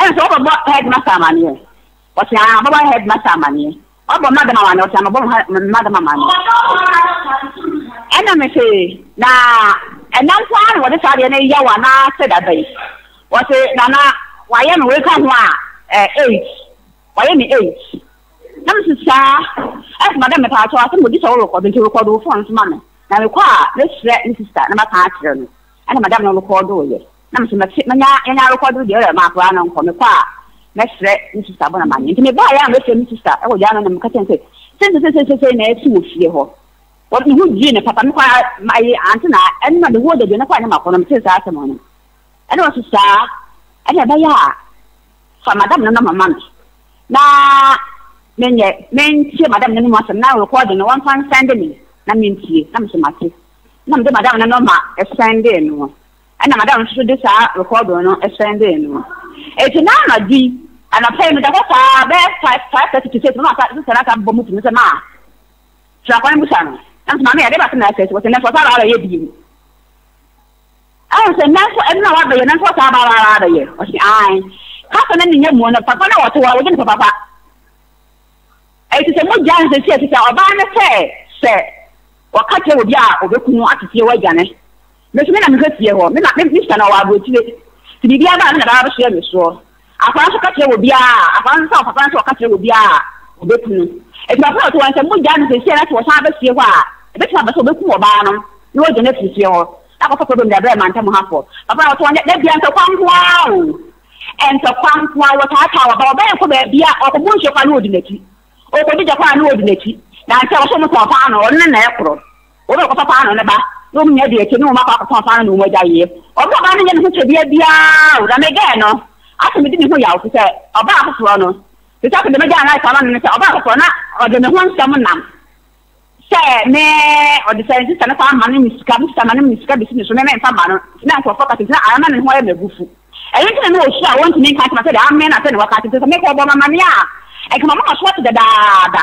sị ọ bụ hedmasta amamihe ọsị ya ọbụba ọ mmadụ amamihe na ya ọbụ mmadụ amamihe ɛna na ɛnamfo ara na wɔde saa deɛ no yɛ daba yi nana wayɛ no ho a eight wayɛ eight na mese saa ɛsoma asɛm odi sɛ rekɔdo nti rekɔdo ma na mekɔ a mesrɛ ne sista na maka akyerɛ no ɛna madam no rekɔdo yɛ na mso mɛte mɛnya yɛnya rekɔdo deɛ ɔyɛ maako ano nkɔ mekɔ a mɛsrɛ me sista bɔ na ma nyɛ nti mebaa yɛ a mɛsrɛ me sista ɛwɔ gya no na meka kyɛn sɛ sɛnsɛsɛsɛsɛ na ɛsi wɔ fie hɔ wɔn ne ho gyee ne papa mekɔ ma yi ante na ɛno na ne ho ne kɔ anyɛ maako no mete saa asɛm ɔno ɛne wɔ so saa ɛne ɛbɛyɛ a fa madam no mama no na menyɛ mentie madam no mu asɛm na rekɔdo no wɔmfa nsɛnde me na mentie na mso mate na mede madam no no ma ɛsɛnde no ɛna madam nso de saa rekɔdo no ɛsɛndee no eti na anadi anapa yi mi dakɔ saa bɛyɛ five five thirty to six mo ma ta sisan aka bɔ mu tunu sɛ maa tirakɔni busa no ɛnso maame yɛde baasi na ɛsɛ ɛsɛ wɔsɛ nɛfɔ saa baara yɛ bi mu ɛn sɛ nɛfɔ ɛnu na wabɛyɛ nɛfɔ saa baara ara bɛyɛ ɔsi ayi kasa na ne nyɛ mu no papa na wɔte wa wɔgye ne papa eti sɛ mo gya nsɛ si ɛti sɛ ɔbaa ne sɛ sɛ wɔka kyerɛ obi a obekunu atete wɔ agya ne mesu mena mehwɛ fie hɔ mena mehyɛ no wɔ aborɔkyire nti biribia baa mena baa bɛhwɛ me soɔ akwaa nso ka kyerɛ wɔ biaa akwaa nso sa ɔpapa nso ɔka kyerɛ wɔ biaa ɔbɛku no ɛti papa ɔto wɔn sɛ mogya no sɛsia na te wɔsan abɛsie hɔ a ɛbɛtumi abɛ sɛ ɔbɛku ɔbaa no na wɔgya no afiri fie hɔ na akɔfa problem de abrɛ mantam ha fɔ papa ɔto wɔn dɛ bia ntɔkwa nkoa o ɛntɔkwa nkoa wɔtaataa wɔba ɔbɛyɛ nkɔ baabi a ɔkɔbɔ nhyɛ kwa na ɔdi n'akyi ɔkɔdi gya kwa na ɔdi n'akyi na nkyɛ ɔhyɛ mo sɛ ɔpaa no ɔno ne na ɛkorɔ obi ɔkɔtɔ paano ne ba na omi nyɛ deɛ kyɛ ne wɔn akɔ akɔtɔ paano ne wɔn agya yie ɔbi ɔbaa no nyɛ ne ho kyɛdeɛ biara wura me gɛɛ no asɛm di ne ho yaw sɛ ɔbaa foforɔ no sisi akɔ dɛm agya anaa ɛfama no sɛ ɔbaa foforɔ na ɔde ho nsɛm nam sɛ ne ɔde sɛ ne kwan ma ne mi sika ne sisa ma ne mi sika bisi ne so ne ne nfa ma no ne nkorɔfo kati sɛ ara ne ho ayɛ ma egufu ɛyɛ ntina ne wɔ su a wɔntumi nka sɛ de amena sɛ ne wɔ kati sɛ ne kɔ bɔ mama ne a ɛkama mama so wɔte dadaada.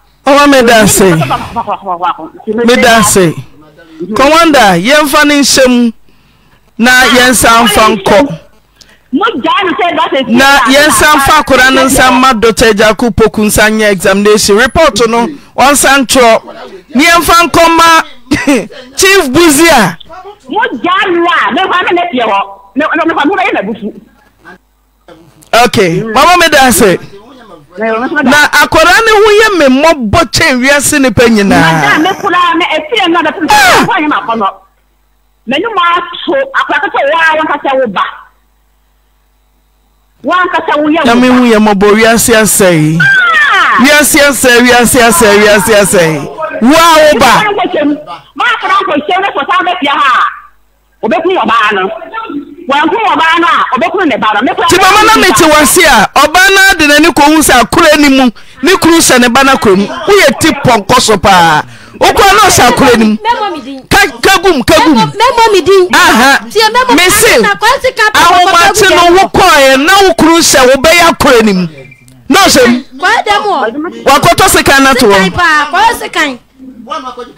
ọma meda ase meda ase kọmanda yɛmfa ne nhyɛm na yɛnsa mfa nkɔ na yɛnsa mfa akora no nsa mma dɔta agyako poku nsa nyɛ examination report no ɔnsa nkyerɛ ne yɛmfa nkɔ ma chief buzi a ok mama meda ase na akwadaa ne ho yɛ mmemmɔbɔ kyɛn wiase nipa nyinaa. mɛnum ato akwadaa kata wa wankasa wo ba wankasa wo yɛ wo ba. na mi hu yɛ mɔbɔ wiase asɛ wiase asɛ wiase asɛ wiase asɛ yi wa wo ba. maa fana nkɔ hyɛn ne sɔ sáà bɛ fia ha o bɛ baa no nti mama na mete wɔ se a ɔbaa no de n'ani kɔhu sɛ akora ni mu ne kuru sɛ ne ba no akora mu woyɛ ti pɔnkɔ so paa wokora na ɔsɛ akora ni mu kagum kagum mese ahomate no wokɔɛ na wo kuru sɛ wobɛyɛ akora ni mu na ɔsɛ mu wakɔtɔ sekan no to wɔ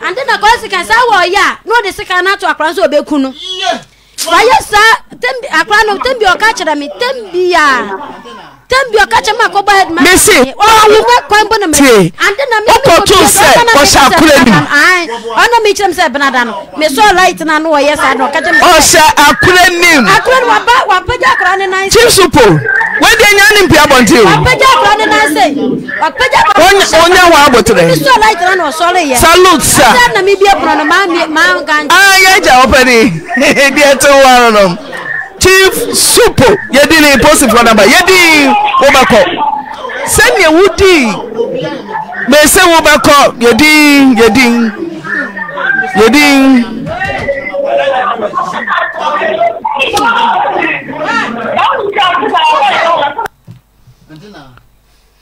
na kɔɛ sekan saa wɔ ɔyɛ a na ɔde sekan wayɛ saa tɛmbi akora no tɛmbi ɔka kyerɛ me tɛmbi a tɛmbi ɔka kyerɛ me akɔbɔ ɛdima. mesi ɔwɔ kwan bɔ na mɛ tie ɔkɔ tó sɛ ɔhyɛ akura nim. ɔnà mi kyerɛ mi sɛ ɛbɛnada no mɛ sɔ light na no wɔyɛ saa na ɔka kyerɛ mi. ɔhyɛ akura nim. akura nim wabɛ wabɛ gya akora ne nan. chief supo wede nya ni mpi abonti o onya onya wa abotre mi so light na no sorry ye sir no ah ye ja opani bia to waro no chief supo ye di ni post for number ye di wo bako sani ewudi me se wo bako ye di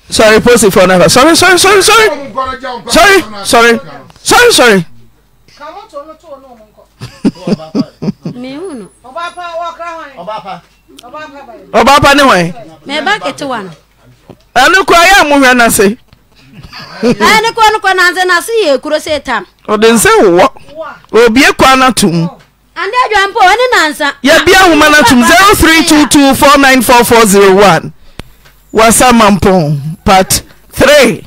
sorry post it for another. sorry sorry sorry sorry sorry sorry sorry sorry. ọba apa ne hwan. mẹ bá ketewa nù. ẹnu kura yẹ àmúhwẹ náà sí. ẹnu kura nù kọ náà sí náà sí yẹ kúrò sí ìta ɔde nsa wowɔ obie kwa no four yɛbia homa no tom 0322494401 wasa mampɔn part 3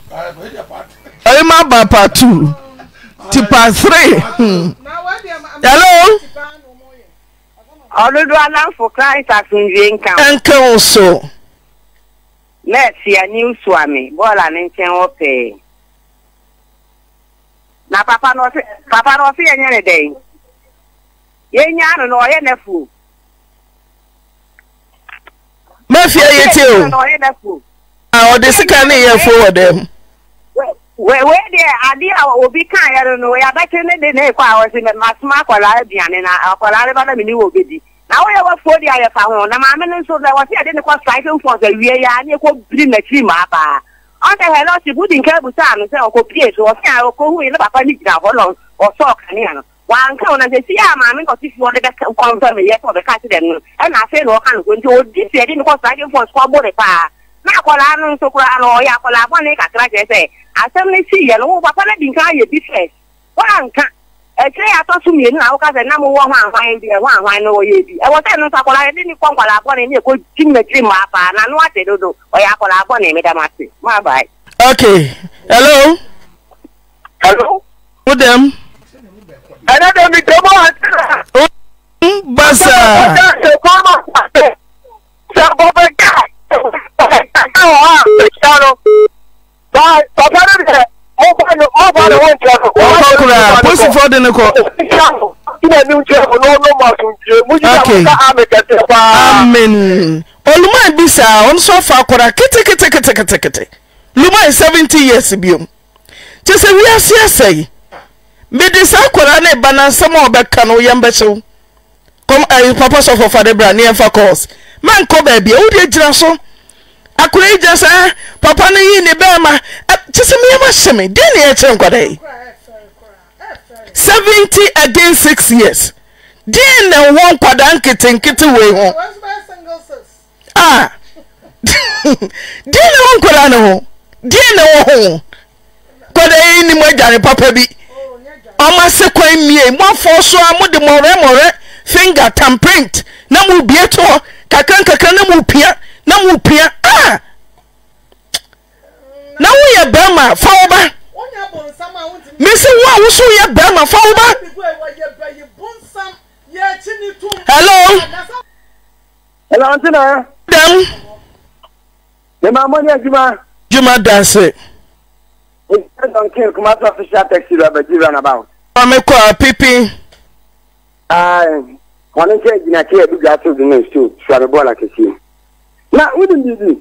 ɔyima ba part 2 ti part 3 hmm. hello ọdụdụ alamfo kraịst asụmdie nka nke ụsụ nọọsụ ya n'usu amị bọọlụ anyị nche nwoke na papa na papa na ọsị ya nyere dị ya nye anụ na ọya nefu mafia ya tie o a ọ dị sika na ihe fo wọ dị wee wee dị adị a obi ka ya no ya adakye ne dị na-ekwe a ọsị masịma akwara aduane na akwara arịba na mmiri wọ obedi na wọ́n yẹ wọ́n ya ya fa hàn na maame ni nso na wọ́n ti yà de ne kọ́ strike force awie ya ni ekó biri n'akyiri mu abaa. Ọ ga dị nke bụ taa nụ okopiet ọsị ahụ okohuye nabakwa nijiri abọlọ ọsọ ọkanianụ wanka unazesiya mami ngosisi wodeka ya yeso bekati den ena afeni okanu kwenti odisi edini kosa ke fos kwa bore na kola anu sokura anu ya kola na ka kraje se asemni si ya no papa na dinka ye business wanka ekele ya atọ tụmie nna awụka ze na m nwa nwa ahụanyị bi nwa ahụanyị n'ụwa ya ebi eweta nụ ntakwara ya ndị kwa nkwara abụọ na-eme ekwo ji mmechiri ma na nwa dodo ọya akwara abụọ na emeda masị ma abalị okay hello hello udem enedemi tomo mbasa sọgbọbẹ ɔkɔ kura polisifoɔ de Okay. Amen. Oluma bisa onso fa kora kete kete kete kete kete. Luma seventy years biom. Kye sɛ wiase eh? asɛe. Mede saa akwaraa no ba nansɛm a ɔbɛka no yɛn bɛhyew. Kɔm ayi eh, papa sɔfo fa de bra ne yɛmfa kɔɔs. Mankɔ baabi a wodeɛ gyina so. Akwaraa yi gyina saa eh? papa ne yi ne bɛɛma kyesɛ meyɛma hyɛ me deɛ ne yɛkyerɛ nkwadaa yi seventy again six years deɛ na wɔ nkwadaa nketenkete wei ho a ah. deɛ na wɔ nkwadaa ne ho deɛ na wɔ ho nkwadaa yi ni mo agyane papa bi ɔma se kwan mmie moafɔ so a mode mmɔrɛmmɔrɛ finger tamprint na mo bie toɔ kakra nkakra na mo pia na mo pia ah! na woyɛ bɛrima fa wo ba mesi wo a woso yɛ bɛrima fa wo ba hello. hello ntina. dɛm. jama mɔni ya juma. juma danse. o ti sɛ dɔn kin kuma sɔ fisa taxi la bɛ ji rana bawo. ɔmi kɔ pipi. ayi wọn n kɛ jìnnà kí ɛ bí gàtó dunu èso sùwàbí bọ́ọ̀lù àkẹ́kẹ́. na wúni bíbí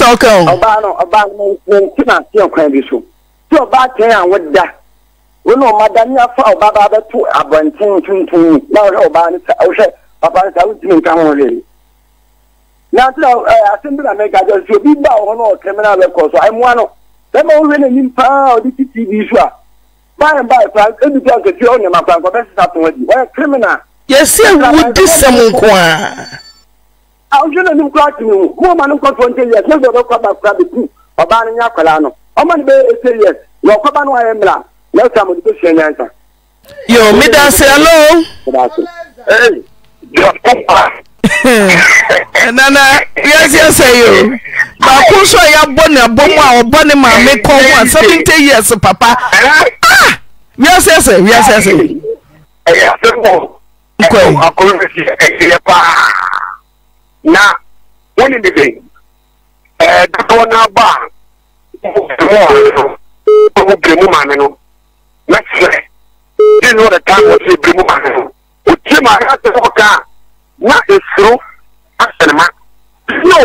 tọkọ o. ọbaa náà ọbaa náà ń tí náà ti ọkàn bi so tí ọbaa tẹ àwọn da wọn náà ọmọdé ní afa ọbaa bá bẹ tó abọnten tuntun mu náà ọhẹ ọbaa ní sa ọhẹ papa ní sa ó ti nǹkan wọn rẹ náà tí ẹ asem bí na mẹka jọ obi bá ọhún náà criminal record so ẹmu ano sẹmọ ohun rẹ n'anim paa ọdí títí bi so a báyìí báyìí fún ebi tí a kẹsí ọ̀nà màkànkọ bẹ́ẹ̀ sísá tó wọn di wọ́n yẹ criminal. yẹ si ewu di sẹ́mu nǹkan ọdún náà nim kura tìmí mu mu ọmọ ní nkọ twenty years ní ọdún kọba kura bẹ tu ọbaa ní nyà kọlá nọ ọmọ ní bẹ eighty years ní ọkọba ní wàá yẹ mìíràn ní ọsàn àmọ nígbà sùn ẹ̀yàn sàn. yóò mi dá sí ẹ nana yasi ẹsẹ yìí o baako nso a yabọ ne abọmu a ọbọ ne maame kọ ho a seventy years papa ah yasi ẹsẹ yasi ẹsẹ. ẹ yà sẹ́kọ̀ọ́ nkọ́ yìí akọ̀wé fi ẹ̀yẹ paa na wọn ni bebe ɛɛ dɔtɔ n'aba a ɔmo ɔmo no ɔmo bere mu maame no na kyerɛ di ni ɔde taa ɔsi bere mu maame no otie ma ayɛ asɛ ɔkɔ kaa na esoro asɛ ne ma no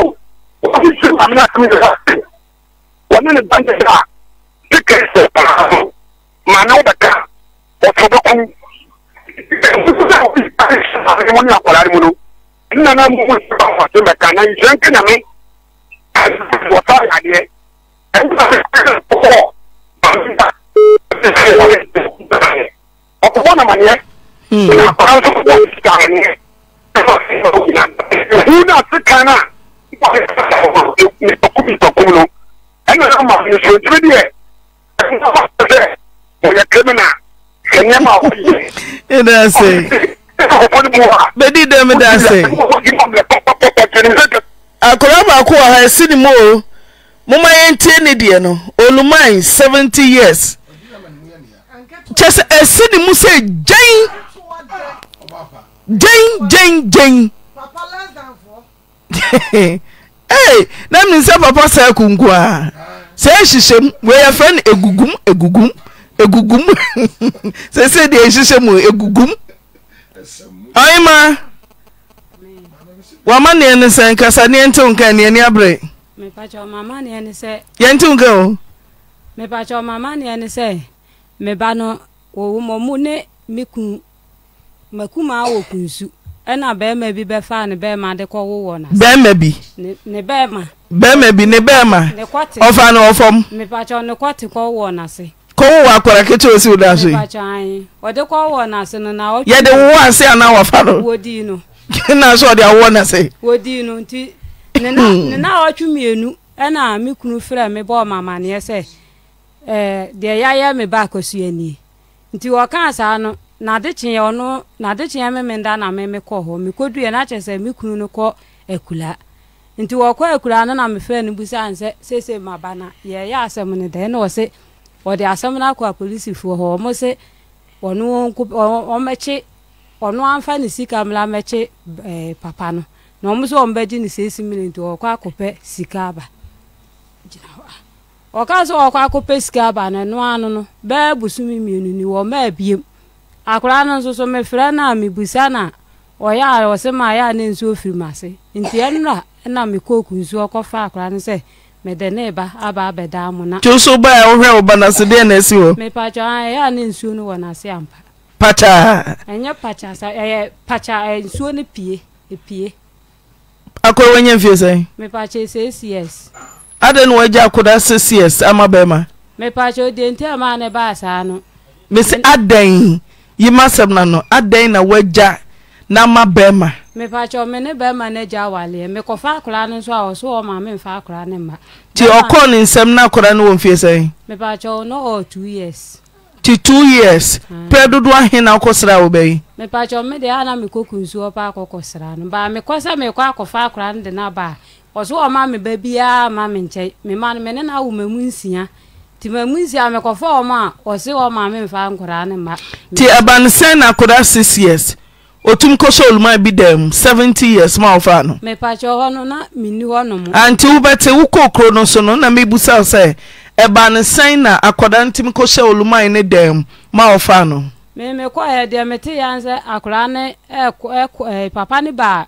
ɔsi si maame na kiri ha wɔne ne ban kyerɛ a dika ɛsɛ paa no maame wo bɛka ɔtɔ bɛko ɛɛ ɔsi sɛ ɔsi ayɛ sɛ maame wɔn ne akwadaa ne mu no nna na mmụọ nsọ ọhọtụ maka na njem nke na m wọta yadeɛ ɔkɔbɔ namaneɛ na akɔra nso kɔbɔ nsaneɛ hu na ase kan na nipɔkum no ɛna na ma nsuontumi deɛ ɛna sɛ ɔyɛ krimina sɛ nneɛma a ɔyɛ bɛdi dɛm da ase akwadaa baako wɔ ha ɛsi ne mu o moma yɛntie ne deɛ no oluman seventy years kyɛ sɛ ɛsi ne mu sɛ gyɛn gyɛn gyɛn gyɛn ee na mi nsa papa sɛ kunku a sɛ ehyehyɛ mu wɔyɛ fɛn egugum egugum egugum sɛ sɛ deɛ ehyehyɛ mu egugum. ɔima wama nneɛ ne sɛ nkasa nneɛ ntew nka nneɛ ne aberɛ yɛ ntew nka o mepakyɛ mama nneɛ ne sɛ meba no wɔwo mɔ mu ne me ku makumaa wɔ kunsu ɛna bɛrima bi bɛfaa ne bɛrima de kɔwo wɔ nas bɛrima bi ne bɛrima bɛrima bi ne bɛrima ɔfa ne ɔfam mepakyɛ ne kɔte kɔwo wɔ nase kɔwo wɔ akwara kekyɛ osi wo da so yi yɛde ase na ọ dị na ɛna hmm. me kunu frɛ mamaneɛ sɛ eh, deɛ yɛayɛ me ba nti saa no ɔno memenda na me mekɔ hɔ mekɔduɛ na kyerɛ sɛ me kunu no kɔ akula nti wɔkɔ akula na mefrɛ no busane sɛ sese maba na yɛyɛ asɛm na wɔde asɛm no akɔ apolisifoɔ hɔ ɔmo se ɔno ɔmɛkye ɔno amfa ne sika mɛkye ɛɛ eh, papa no na ɔmo so ɔmo bɛgye ne sɛsi mmiri nti ɔkɔ akɔpɛ sika aba ɔka so ɔkɔ akɔpɛ sika aba no ɛno ano no bɛɛ busumi mmienu ni wɔn mɛɛ biem akwaraa no nso so mefrɛ na mebusa na ɔyɛ a ɔsɛ ma ayɛ a ne nsuo firi mu ase nti ɛnura ɛna me nsuo kɔfa akwaraa no sɛ mede ne ba aba abɛda mu na. tí o so ba a wohwɛ wo ba n'ase deɛ na esi hɔ. mipatwa ɛyɛ a nsuo no wɔ n'ase ampa. pata. ɛnyɛ pata sa ɛyɛ pata ɛyɛ nsuo no pie epie. akɔrɔ wɔnyɛ mfie sɛn. mipatwa six years. adan na wagya akɔda six years ama bɛrima. mipatwa odi nti ama ne ba asaa no. mesi adan yi ma sɛm na no adan na wagya na ma bɛrima. mipatsa mi ne bɛrima ne gya awaleɛ mikɔfa kura ne nso a ɔso wɔ maame nfa akora ne ma. ti ɔkɔ ne nsɛm na kura ne wɔ mfie sɛn. mipatsa no ɔ two years. ti two years ah. pɛ dodo ahen na ɔkɔ sra ɔbɛ yi. mipatsa mi de ana mi kɔ kunsuo pa akɔkɔ sra no ba mi kɔ sɛ mi kɔ akɔfa akora ne de na ba ɔso wɔ maame bɛ biara maame nkyɛn mi ma mi ne na awo ma mu nsia ti ma mu nsia mi kɔfa wɔn a ɔse wɔ maame nfa akora ne ma. ti abanisɛn na akora six years. otu kɔsɛ oluma bi 70 years ma wɔfaa no anti wobɛte wo kɔkuro no so no na mebu sawo sɛ ɛba ne sɛn na akɔda ntim kɔsɛ oluma ne dam ma wɔfaa no mekɔɛ deɛ mete yɛn sɛ akora ne eh, eh, eh, papa ne baa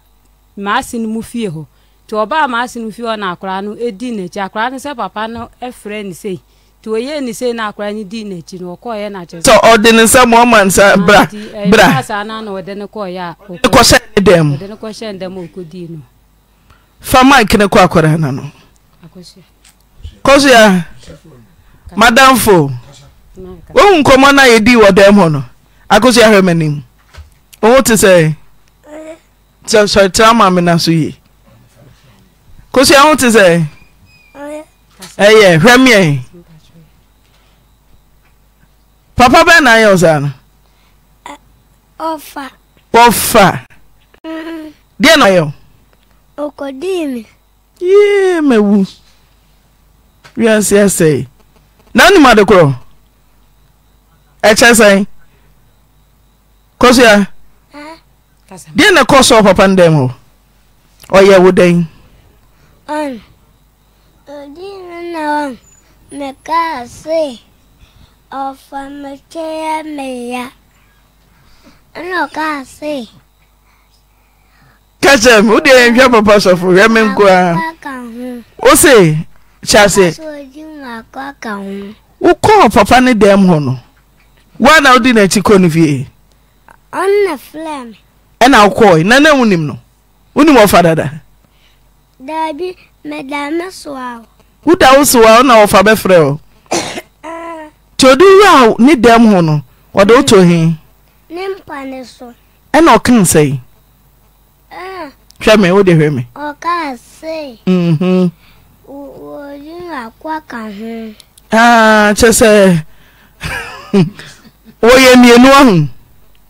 no mu fie hɔ ma ɔbaa maase fie hɔ na akora no n'akyi ne papa no e ne tiweye ni se na akora ni di n'akyi no ɔkɔɔ yɛ n'akyɛ sɛ ɔde ne nsa mu ɔma nsa bra eh, bra ɛyɛ saa na na ɔde ne yɛ a ɔkɔ hyɛ ne dɛm ɔde kɔ hyɛ dɛm ɔkɔ di fa ne kɔ akora na no kɔsua madamfo wohu nkɔmmɔ no a yɛdii wɔ dɛm hɔ no akɔsua hwɛ m'anim wo te sɛ sɔre tra ma na so yie kɔsua wo te sɛ ɛyɛ hwɛ meɛ papa benayo se me sse nanumade kro ekese kos dene kosu papan dem yeoden ọfọmche ya mere ya nnọkọ asị kachem ụdị enhwe papa sọfụ hwe me nkụ a ose chase Ụkọ, papa ne m hụ nọ. woa na wodi n'akyi kɔ no fie Flam. frɛ na ɛna ị, na na wonim no wonim ɔfa dada daabi meda me soa wo woda wo soa wo na wɔfa bɛfrɛ o nti odi wura ne dɛm ho no ɔde wotɔ mm. he. ne mpa ne so. ɛna ɔka nsa yi. Ah. hwɛ mi o de hwɛ mi. ɔka se. Mhm. wɔyi akɔ ka ho. aa ah, kyɛ sɛ wɔyɛ mmienu ahu.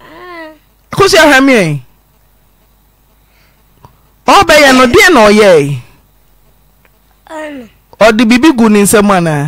Ah. kosi ahwɛ mi yɛ. ɔbɛyɛ no deɛ na ɔyɛ yi. ɔde biribi gu ne nsam anaa.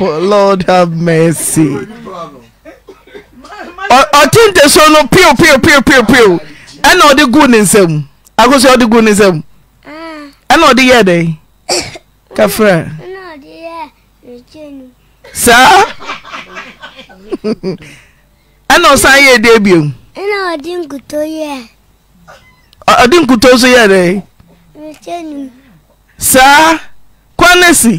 Lord have mercy. ọtúntẹ so no piu piu piu piu piu ẹna ọdí gu ne nsam akoso ọdí gu ne nsam ẹna ọdí yẹ dẹ kafra saa ẹna ọsan yẹ dẹ ebien. ẹna ọdí nkuto yẹ. ọdí nkuto so yẹ dẹ. saa kwanesi.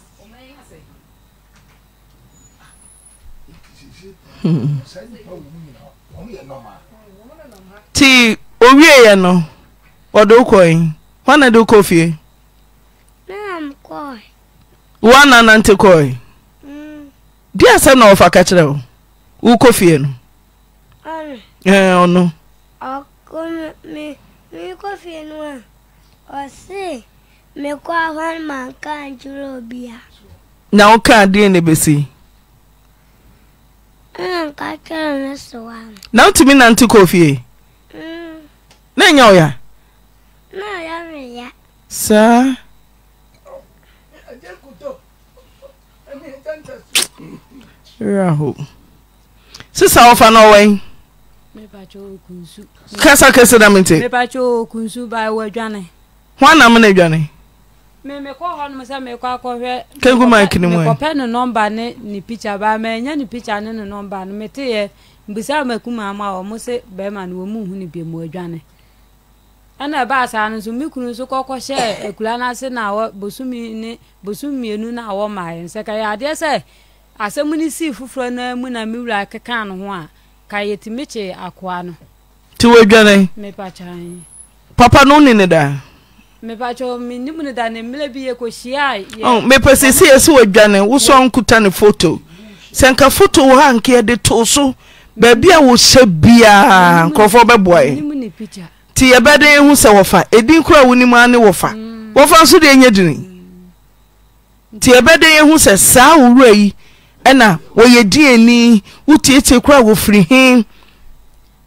nti owieɛ no ɔde wo kɔe hɔana de wokɔ fie woananante kɔe deɛ asɛm na wɔfa ka kyerɛ wo wokɔ fie no ɔno mekɔ fie no a na ne bɛsi Mm, mm. na wotumi nante kɔɔ fie na ɛnya wo ya saa raho sisa wofa na ɔwɛn kasa kɛsɛ na mente hwanam na adwane mmekɔ hɔ nom sɛ mekɔ akɔhwɛ kɛgu mike no mekɔpɛ ne nɔmba ne ne pikya baa manya ne pikya ne ne nɔmba no meteɛ mbisa makuma ma a ɔmo se bɛrima no wɔmu hu ne biamu adwane ɛna ɛbaa saa no nso me nso kɔkɔ hyɛɛ akura no ase na awɔ bosumi ne bosom mmienu na awɔ maaeɛ sɛ ka yɛ adeɛ sɛ asɛm no sii foforɔ no mu na me wura keka no ho a ka yɛtumi kye akoa no nti wɔadwane papa no ne ne daa mepɛ sɛ sɛ yɛsɛ wɔadwane wo sɛ ɔnkuta e ne foto sɛ nka foto mm. wɔ ha nka yɛde too so baabi a wɔhyɛ biaa nkurɔfoɔ bɛboae nti yɛbɛde hu sɛ wɔfa ɛdin koraa wonim a ne wɔfa wɔfa nso deɛ ɛnyɛ dini nti yɛbɛde yɛhu sɛ saa wowura yi ɛna wɔyɛ din ani wotietie koraa wɔfiri he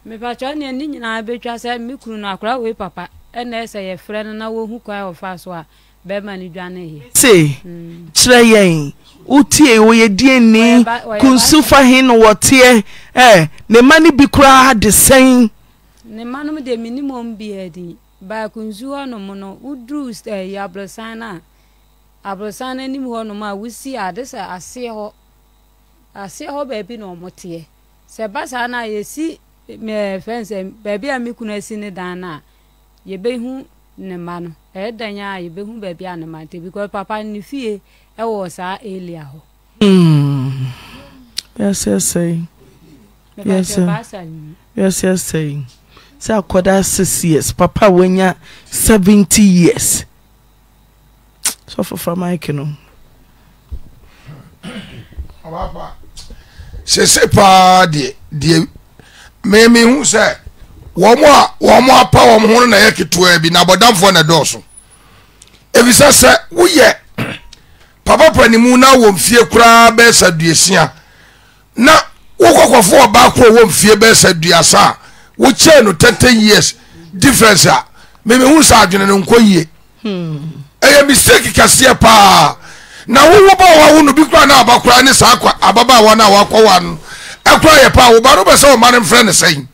mepatwɛ ne ne nyinaa bɛtwa sɛ me kunu no akora wei papa ɛna ɛsɛ yɛfrɛ no na wohu kwan wɔfa so a bɛrima no dwane he se kyerɛ yɛn wotie wɔyɛ dieni kunsu fa he no wɔteɛ ɛ ne ma no bi koraa de sɛn ne ma nom deɛ menim ɔm di. din baakonsu hɔ nom no woduru yɛ aborɔsan no a aborɔsan no anim hɔ nom a wosi ade sɛ aseɛ hɔ aseɛ hɔ baabi na ɔmoteɛ sɛ ba saa no a yɛsi fɛn sɛ baabi a me kunu asi ne dan no a yɛbɛhu ne mma no ɛyɛ dan a yɛbɛhu baabi a ne mma nte because papa ne fie ɛwɔ saa area hɔ. yɛsɛsɛe hmm. yɛsɛsɛe sɛ akɔdaa six years papa a wanya seventy years sɛ foforɔ mike no sese paa deɛ deɛ mɛmi hu sɛ wɔn a wɔn apa wɔn ho na yɛ ketewa bi na abɔdanfoɔ na dɔɔso efisɛ sɛ woyɛ papa panimu na wɔn fie koraa bɛyɛ sɛ duesia na wokɔkɔfo ɔbaa koro wɔn fie bɛyɛ sɛ duasa a wokyɛn no tɛntɛ years difference a mɛmɛhu sɛ adwene no nkɔ yie ɛyɛ mistake kɛseɛ paa na wowo ba wa wo no bi kora na aba koraa ne saa ababaawa no a wakɔwa no ɛkora yɛ paa wo ba no bɛ sɛ ɔma no mfrɛ ne sɛn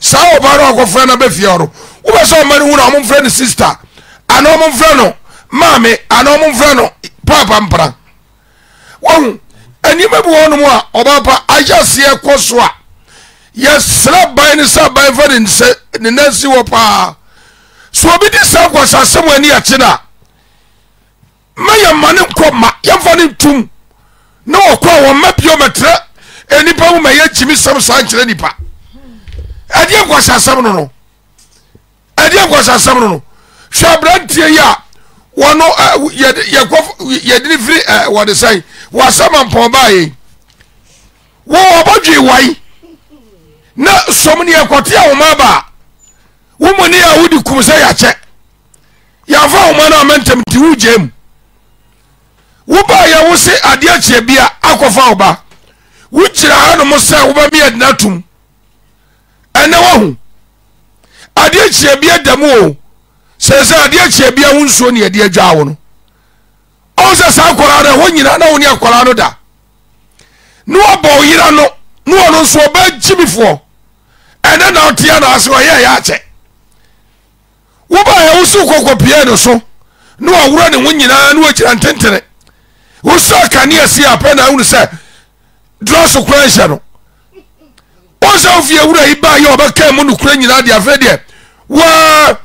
saa ɔbaa no akɔfrɛ no bɛfie ɔro wobɛ sɛ ɔma no hu na ɔmomfrɛ no sister anaa ɔmomfrɛ no maame anaa ɔmomfrɛ no paapa mpra wahu anima bi wɔ nom a ɔbaa pa ayɛ aseɛ kɔ so a yɛsrɛ ban no sɛ ban fa ne nna si wɔ paa sɛ obi de saa nkɔsasɛm ani akye no a ma yɛma ne nkɔ ma yɛmfa ne ntum na wɔkɔ a wɔma bio mɛtrɛ nipa mu ma yɛakyimi sɛm saa nkyerɛ nipa ɛdeɛ nkwasa asɛm no no ɛdeɛ nkwasa asɛm no no hwɛ aberanteɛ yi a wɔno eh, yɛdene firi eh, wɔde sɛn wɔasɛm ampɔn baayɛ wɔwɔ bɔdwee wae na sɔm ne yɛkɔte a woma baa wo mu ne a wode kum sɛ yɛakyɛ yɛamfa woma no amantam nti wogyaa mu wobaa yɛ wo se adeɛ bia akɔfa wo ba wogyira hanom sɛ wobɛmeyɛ dena tom ɛnɛ wahu adeɛ kyia bia dɛm o sɛ sɛ adeɛ kyia bia wo nsuo ne yɛde adwaa wo no ɔn sɛ saa akwaraa no ɛhɔ nyinaa na wo ne akwaraa no da ne wabɔ wo yera no ne wɔno nso ɔbɛ gyimifoɔ ɛnɛ na ɔtea na ase ɔyɛ ɛyɛ akyɛ wobaɛ wo so kɔkɔpiaa no so ne waworɔ ne ho nyinaa ne wagyina ntentene wo kanea sie apɛ na wonu sɛ dorɔ so nhyɛ no wọn sá fi ewúrẹ́ yìí báyìí ọbẹ̀ kẹ́ mu nìkúrẹ́ nyinaa di afẹ́ deɛ wọ́n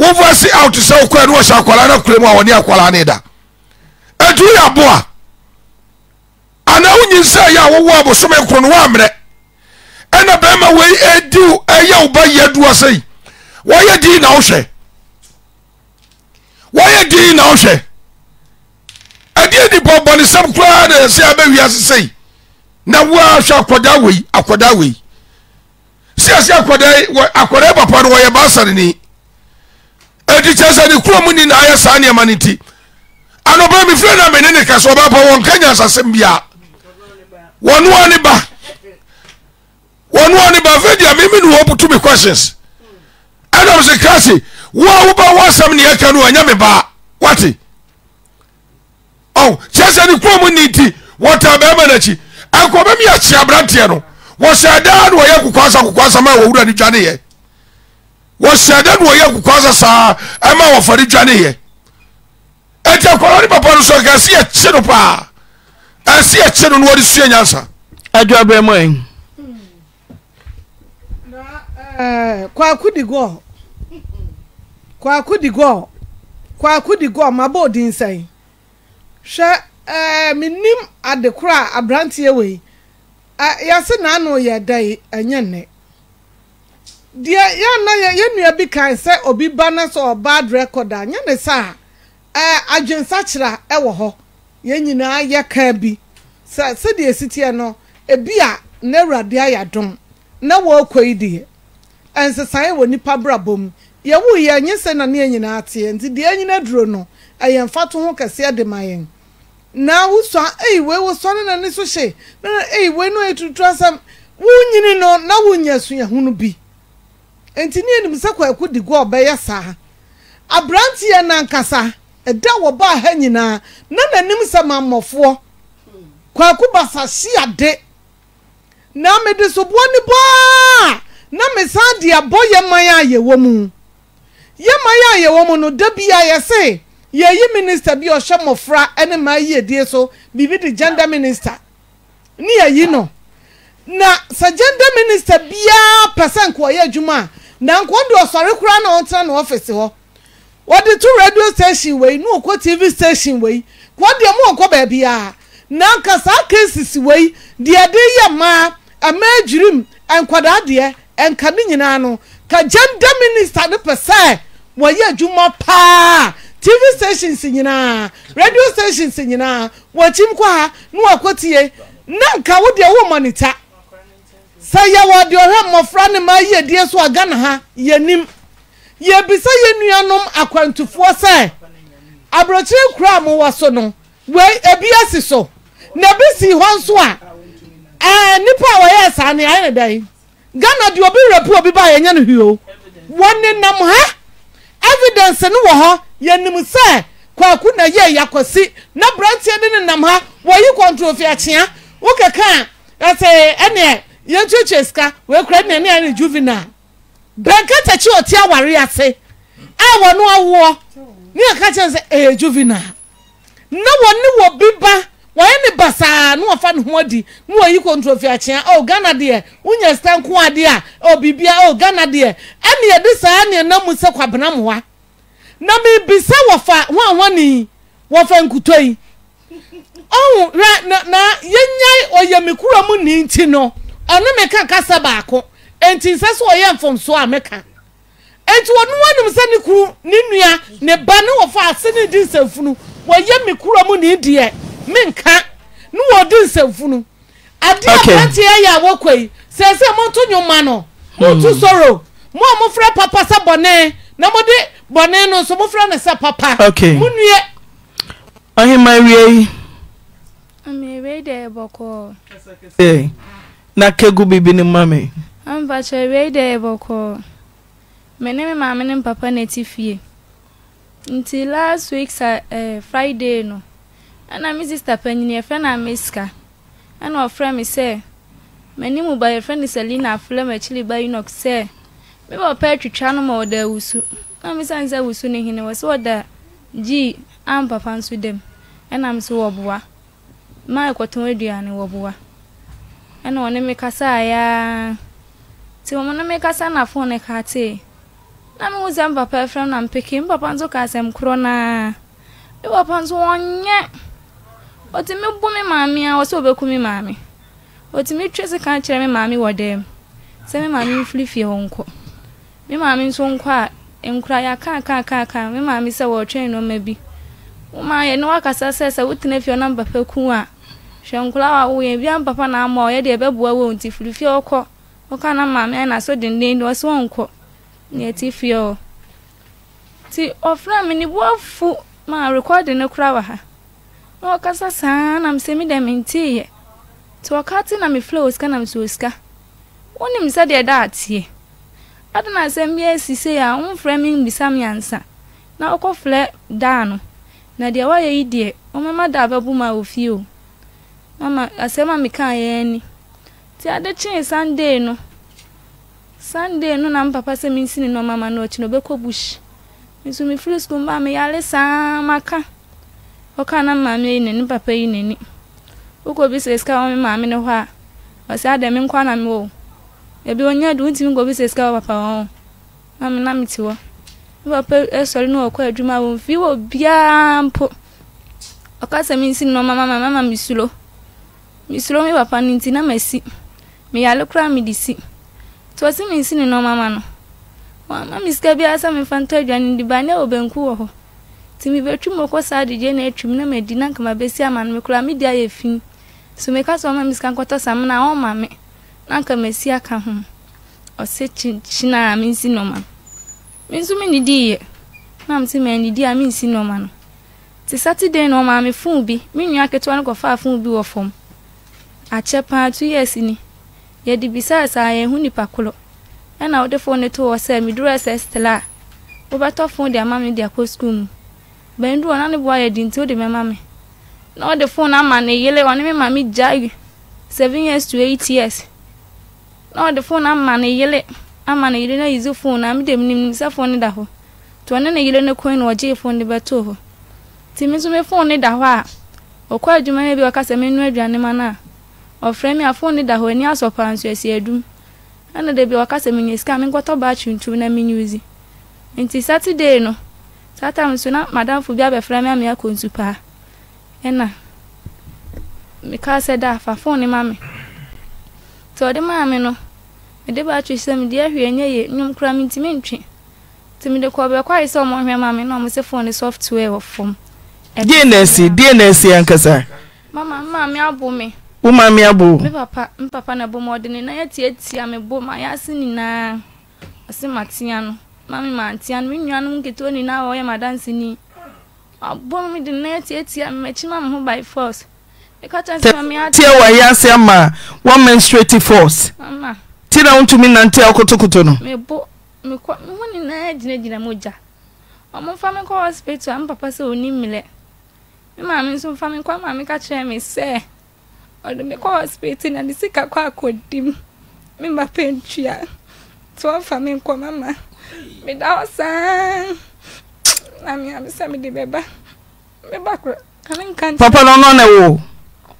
wọ́n fọ́ sí out sẹ́ okọ́ ẹ̀ ní wọ́n hyɛ akwara náà kúrẹ́ mu àwọn ní akwara ní da etu yà bọ́ a anáwó nyinsẹ́ yà wọ́wọ́ abosome kuro ní wọ́n amrẹ́ ɛna bɛrima wei edi ɛyɛ ɔba yɛ duwa sɛyi wɔyɛ dii na ɔhwɛ wɔyɛ dii na ɔhwɛ ɛdi nipa bɔnisɛm koraa na ɛsɛ abɛwia sɛyi na wɔahwɛ akɔdaa wei akɔdaa wei. sɛsɛ akwadaa papa no wɔyɛ basaneni ɛti kyɛ sɛ ne kurom nyinaa yɛ saa nneɛma no nti anɔpa mefiri na mene ne ka sɛ ɔbɛpa wɔnka nya asasɛm biaa wɔnoa ne ba wɔnoa ne ba afei deɛ meme ne wɔbutu me questions ɛnam se kra wo a woba woasɛm ne yɛka no ɛnyɛ me baa wate kyɛ sɛ ne kurom ni nti wɔtaa bɛrima no akyi ɛnkɔbɛmi yɛkye abranteɛ no wɔhyɛ daa e e e hmm. na wɔyɛ kokwasa kokwasa ma wɔwura no dwaneyɛ wɔhyɛ daa na wɔyɛ kokwasa saa ɛma wɔfɔre dwaneyɛ ɛti akwadaa ne papa no so kɛse ɛkye no paa ɛse ɛkye no na wɔde sua nyansa adwa bɛ mɔ yi. kwaku di gɔɔ kwaku di gɔɔ kwaku di gɔɔ ma bɔ odi nsɛn hwɛ ɛɛ mi nim adekora aberanteɛ wei. yɛse naano yɛ dɛ ɛnyɛ nnɛ deɛ yɛna yɛn nua bi kan sɛ obi ba na sọ ɔbaa record a nyɛ ne saa ɛɛ adwensakyera ɛwɔ e hɔ ya nyinaa yɛ kaa bi sị sɛdeɛ esi teɛ no ebi a n'awurade ayɛ dɔn na wɔɔkɔ yi deɛ ɛnsesan wɔ nipa brabɔ mu yɛwu yɛ nye sị na ne yɛn nyinaa teɛ nti deɛ yɛn nyina duro no ɛyɛ mfa to ho kɛseɛ de ma yɛn. na wosua eiwe wosɔre na ne so hye na eiwe no etutu asɛm wonyini no na wonya suahunu bi nti ne anim sɛ kwaku de gu ɔbɛyɛ saa aberanteɛ nankasa ɛda wɔbaa ha nyinaa na n'anim sɛ mammɔfoɔ kwaku basa hye ade na mede so boɔ ne baa na mesan de abɔ yɛman a yɛwɔ mu yɛman a yɛwɔ mu no da bi a yɛse yɛyi minista bi ɔhyɛ mmɔfra ne maa yi edie so biribi di gender minister ne yɛyi no na sa gender minista biara pɛ sɛ nkoa adwuma na nkoa de ɔsɔre koraa na ɔtena na ɔfisi hɔ wɔde to radio station wei ne ɔkɔ tv station wei kɔ deɛ mu ɔkɔ baabiara na nka saa cases wei deɛ de yɛ mmaa mmaa adwirim nkwadaa deɛ nka ne nyinaa no ka gender minister ne pɛ sɛ wɔyɛ adwuma paa tv stations nyinaa radio stations nyinaa wɔkyim kɔ ha na wɔkɔ tie na nka wo deɛ wo mɔnita sɛ yɛwɔ deɛ ɔhwɛ mmɔfra ne ma yie die so a ghana ha yɛnim yɛbisa yɛn nuanom akwantufoɔ sɛ aburokyire kura a mo wɔ so no wei ebi asi so na ebi si hɔ nso a ɛɛ nipa a wɔyɛ saa ne ayɛ ne dan ghana deɛ obi rɛpu obi ba yɛnyɛ no hwio wɔn nenam ha. evidence no wɔ hɔ yɛnim sɛ kwaku na yɛ yakwasi na branteɛ bi ne nam ha wɔyi kɔntrofi akyea wokeka a ɛsɛ ɛneɛ yɛntwetwe sika wɔakura neɛ ne ɛne juvenile bɛnka takyi ɔte aware ase a wɔno awoɔ ne yɛka kyerɛ sɛ ɛyɛ juvenile na wɔne wɔ bi ba wɔyɛ ne basaa ne wɔfa ne ho adi ne wɔyi kɔntrofi akyea o oh, ghana deɛ wonya sika adeɛ a o oh, biribia o oh, ghana deɛ ɛne yɛde saa ne ɛnam mu sɛ kwabena mmoa na mebisa wɔfa hoahoani wɔfa nkutɔ yi ɔhu na na yɛnya ɔyɛ me kura mu ni nti no ɔne meka kasa baako nti nsɛ so ɔyɛ mfomsoɔ a meka nti wɔn wɔnum sɛ ne kuru ne nua ne ba ne wɔfa ase ne di nsɛmfunu wɔyɛ menka ne wɔde nsɛmfunu adeɛ aberanteɛ yɛ a wɔkɔ yi sɛ sɛ monto nwoma no monto hmm. soro mo a mofrɛ papa sɛ bɔne na mode bɔne no nso mofrɛ no sɛ papa monnue ɔhema wie yi na kegu bibi ne ma me mpakyɛ wei dɛ yɛbɔkɔɔ me ne me maame ne papa na ɛti fie nti last week sa, friday no ɛna me sista panyini yɛfrɛ no ameska ɛna ɔfrɛ me sɛ m'anim ba yɛfrɛ no selina afrɛ m'akyiri ba unok sɛ meba ɔpɛ atwitwa no ma ɔda awusu na mesane sɛ awusu no hene wɔ sɛ ɔda gyi ampapa nso dam ɛna m so wɔboa ma ɛkɔtɔn aduane wɔboa ɛna ɔne me kasa ayaa nti wɔn no me kasa na fon ne ka tee na mehu sɛ mpapa afrɛ no na mpeke mpapa nso ka asɛm korɔ naa mepapa nso wɔnyɛ otumi bu me maame a wɔsɛ mi me maame mi twe sika kyerɛ mi maame wɔ dɛm sɛ me maame mfiri fie hɔ nkɔ me maame nso nkɔ a nkura yɛ akaakaakaaka me maame sɛ wɔretwɛn nneɛma bi woma yɛ ne wakasa sɛ sɛ wotena fie na mpapa ku a hwɛ nkura a woyɛ bia mpapa na ama ɔyɛ deɛ ɛbɛboa wɔ nti firi fie ɔkɔ ɔka na maame bu afu ma rekɔdi ne kura wɔ na ɔkasa saa na mesɛ me dɛ menteeɛ nti ɔka te na mefrɛ osika na mesɛ osika wonim sɛdeɛ da ateɛ ade na asɛm bi asi sei a womfrɛ me mbisa me ansa na wokɔfrɛ daa no na deɛ woayɛ yi deɛ ɔmɛma da bɛbo ma ofie o mama asɛm a mekaeɛ ni nti ade kyee sunday no sunday no na mpapa sɛ mensini no mama no ɔkyi no ɔbɛkɔ bush nso mefiri sukuu mbaa meyare saa maka ɔka na maame yi ne ne papa yi n'ani wokɔ bi sɛ sika wɔ me maame ne hɔ a ɔsɛ adɛ me nkwa na me wɔ ebi onya de wontumi nkɔ bi sɛ sika wɔ papa wɔn maame na me te hɔ ne papa ɛsɔre na ɔkɔ adwuma wɔ mfi wɔ biara mpo ɔka sɛ me nsi nnɔma mama mama me suro me suro me papa no nti na ma si meyare koraa mede si nti ɔse me nsi ne nnɔma ma no wɔama me sika biara sɛ memfa ntɔ aduane de ba ne wɔ banku wɔ hɔ nti mebɛtwi mu kɔ saa adedeɛ na atwim na madi na nkama bɛsi ama no mekora me de ayɛ fi so meka sɛ ɔma me sika nkɔtɔ sam na ɔma me na nka masi aka ho ɔsɛ kyekyena a mensi nɔma no me nso mennidiiɛ na mte mannidi a mensi nɔma no nti saturday na ɔmaa me fon bi me nua ketewa no kɔfaa fon bi wɔ fam akyɛ paa two years ni yɛde bisaa saa yɛho nipa koro ɛna wode fon no to wɔ sɛ meduru ɛsɛ stela a wobɛtɔ fon de ama me de akɔ skul mu bɛndu wɔ nane boa yɛ di nti wode mɛma me na ɔde phone ama ne yele ɔne me ma me gya seven years to eight years na ɔde phone ama ne yele ama ne yele na yizu phone na mede menim sɛ phone ne da hɔ nti ɔne ne yele ne kɔn na ɔgyee phone de bɛtoo hɔ nti me nso me phone ne da hɔ a ɔkɔ adwuma no bi ɔkasa menu aduane ma no a phone ne da hɔ ani asɔ paa nso asi adum ɛna da bi ɔkasa menya sika menkɔtɔ saturday no saa tam na madamfo bi abɛfra me ame akɔ nsu paa ɛna mekaa sɛ da afa fon ne ma ɔde maa no sɛ kɔ na ɔmo sɛ fon ne software wɔ fam deɛ na ankasa mama maame abo me wo maame abo me papa papa na bɔ mu ɔde ne bɔ nyinaa no mami mantia no me nuanom nketewa nyinaa wɔyɛ madanseni abɔ me de na atiatia me makyi ma me ho by force tie wɔ yɛ ase ama wa menstruative force mama ti na wontumi nante a wokotokoto no mebo mekɔ me ho nyinaa gyinagyina mogya ɔmomfa me kɔ hospital a mpapa sɛ ɔni mmerɛ me maame nso mfa me kɔ maame ka kyerɛ me sɛ ɔde me kɔ hospital na de sika kɔ akɔdim me mba pɛntua nti wɔmfa me nkɔ mama meda hɔ saa na meame sɛ mede bɛba meba korɔ ane nka papa no na wo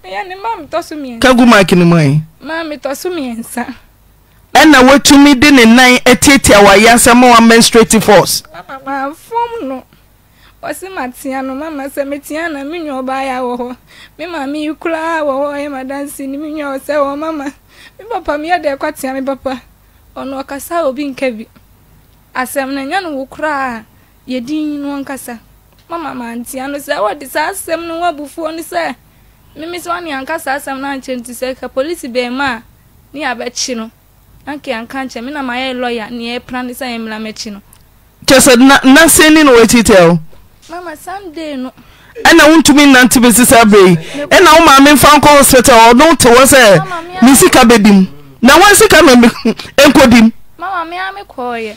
meyɛ ne ma metɔ so mmiɛnsa kagu mark no mu ɛ ma metɔ so mmiɛnsa ɛna woatumi de ne nan atiatia wayɛ asɛm wa force no mama na me nwa ya wɔ ma mama papa papa obi asɛm no ɛnyɛ no wo a yɛdin no ankasa mama mantia no sɛ wɔde saa asɛm no woabufuo no sɛ mimi sɛ wane anka saa asɛm no ankyɛ nti sɛ ka polisi bɛɛma a ne yɛabɛkye no anka yɛanka nkyɛ me na mayɛ lɔya ne yɛpra ne sɛ yɛmmra mɛkye no kyɛ sɛ na sɛni na wɔakyitɛo mama sunday no ɛna wontumi nnante bɛsi saa berɛ yi ɛna wo maame mfa nkɔ hospital ɔno wote hɔ sɛ ne sika bɛdim na wɔn sika no nkɔdim mama me a mekɔɔyɛ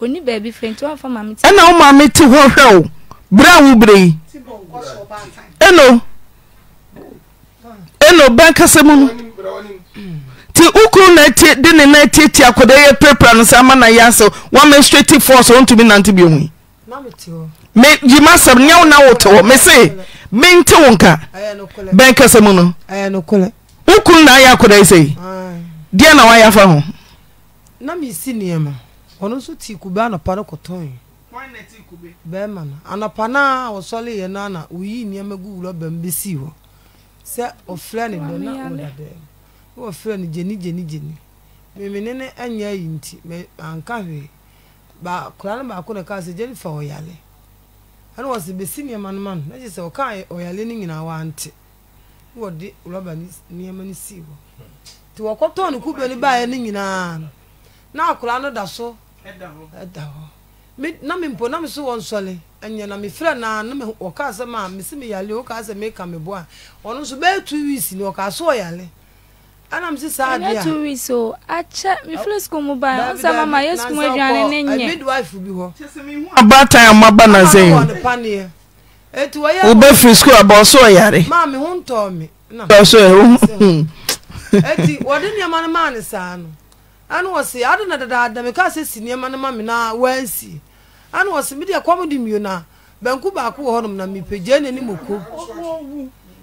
oni baabi fɛ nti wafa maame ti. ɛna wo maame ti hɔ hwɛ o bere a bere yi. ɛno ɛno bɛn kasa mu no ti ukuru na eti de ne na eti eti akwadaa yɛ pirapira no sɛ ama na yɛ asɛ wɔn mɛ straight force wɔn ntumi nante bi ohun yi. me yi ma sɛm nyɛ na wo te me se me nte wo nka bɛn kasa mu no ukuru na ayɛ akwadaa yi sɛ yi deɛ na wayɛ afa ho. na mi si nneɛma ɔno nso tii kube anapa no kɔtɔn yi bɛrima no anapa no a wɔsɔre yɛ no ana woyii nneɛma gu wurɔba mu bɛsii hɔ sɛ ɔfrɛ ne dɛ na wɔdadɛɛ na wɔfrɛ no gyeni gyeni gyeni memene ne ɛnyɛ yi nti anka hwee ba koraa no baako na kaa sɛ gyeni fa ɔyale ɛna wɔsɛ bɛsi nneɛma no ma no na gye sɛ ɔka ɔyale no nyinaa wante na wɔde rɔba nneɛma no sii hɔ nti wɔkɔtɔn no kube no baeɛ no nyinaa na akora no da so na na mempo na meso wɔ nsɔle ɛnyɛ na mefrɛ na na ɔka sɛ ma mese meyale sɛ meka me bo a ɔno nso ɔka so ɔyale saa a two o akyɛ mefrɛ school mu ba sɛ mama yɛ school mu aduane ne nyɛ midwife bi hɔ a moaba na sɛ wobɛfiri school aba ɔso ɔyare ma ho ntɔɔ me ɔso ɛ ɛti wɔde nneɛma no maa ne saa no ana wɔse ado na dadaada meka si nneɛma no ma na wansi ana wɔse mede de mmio no baako wɔ hɔnom na mepagyae n'anim oko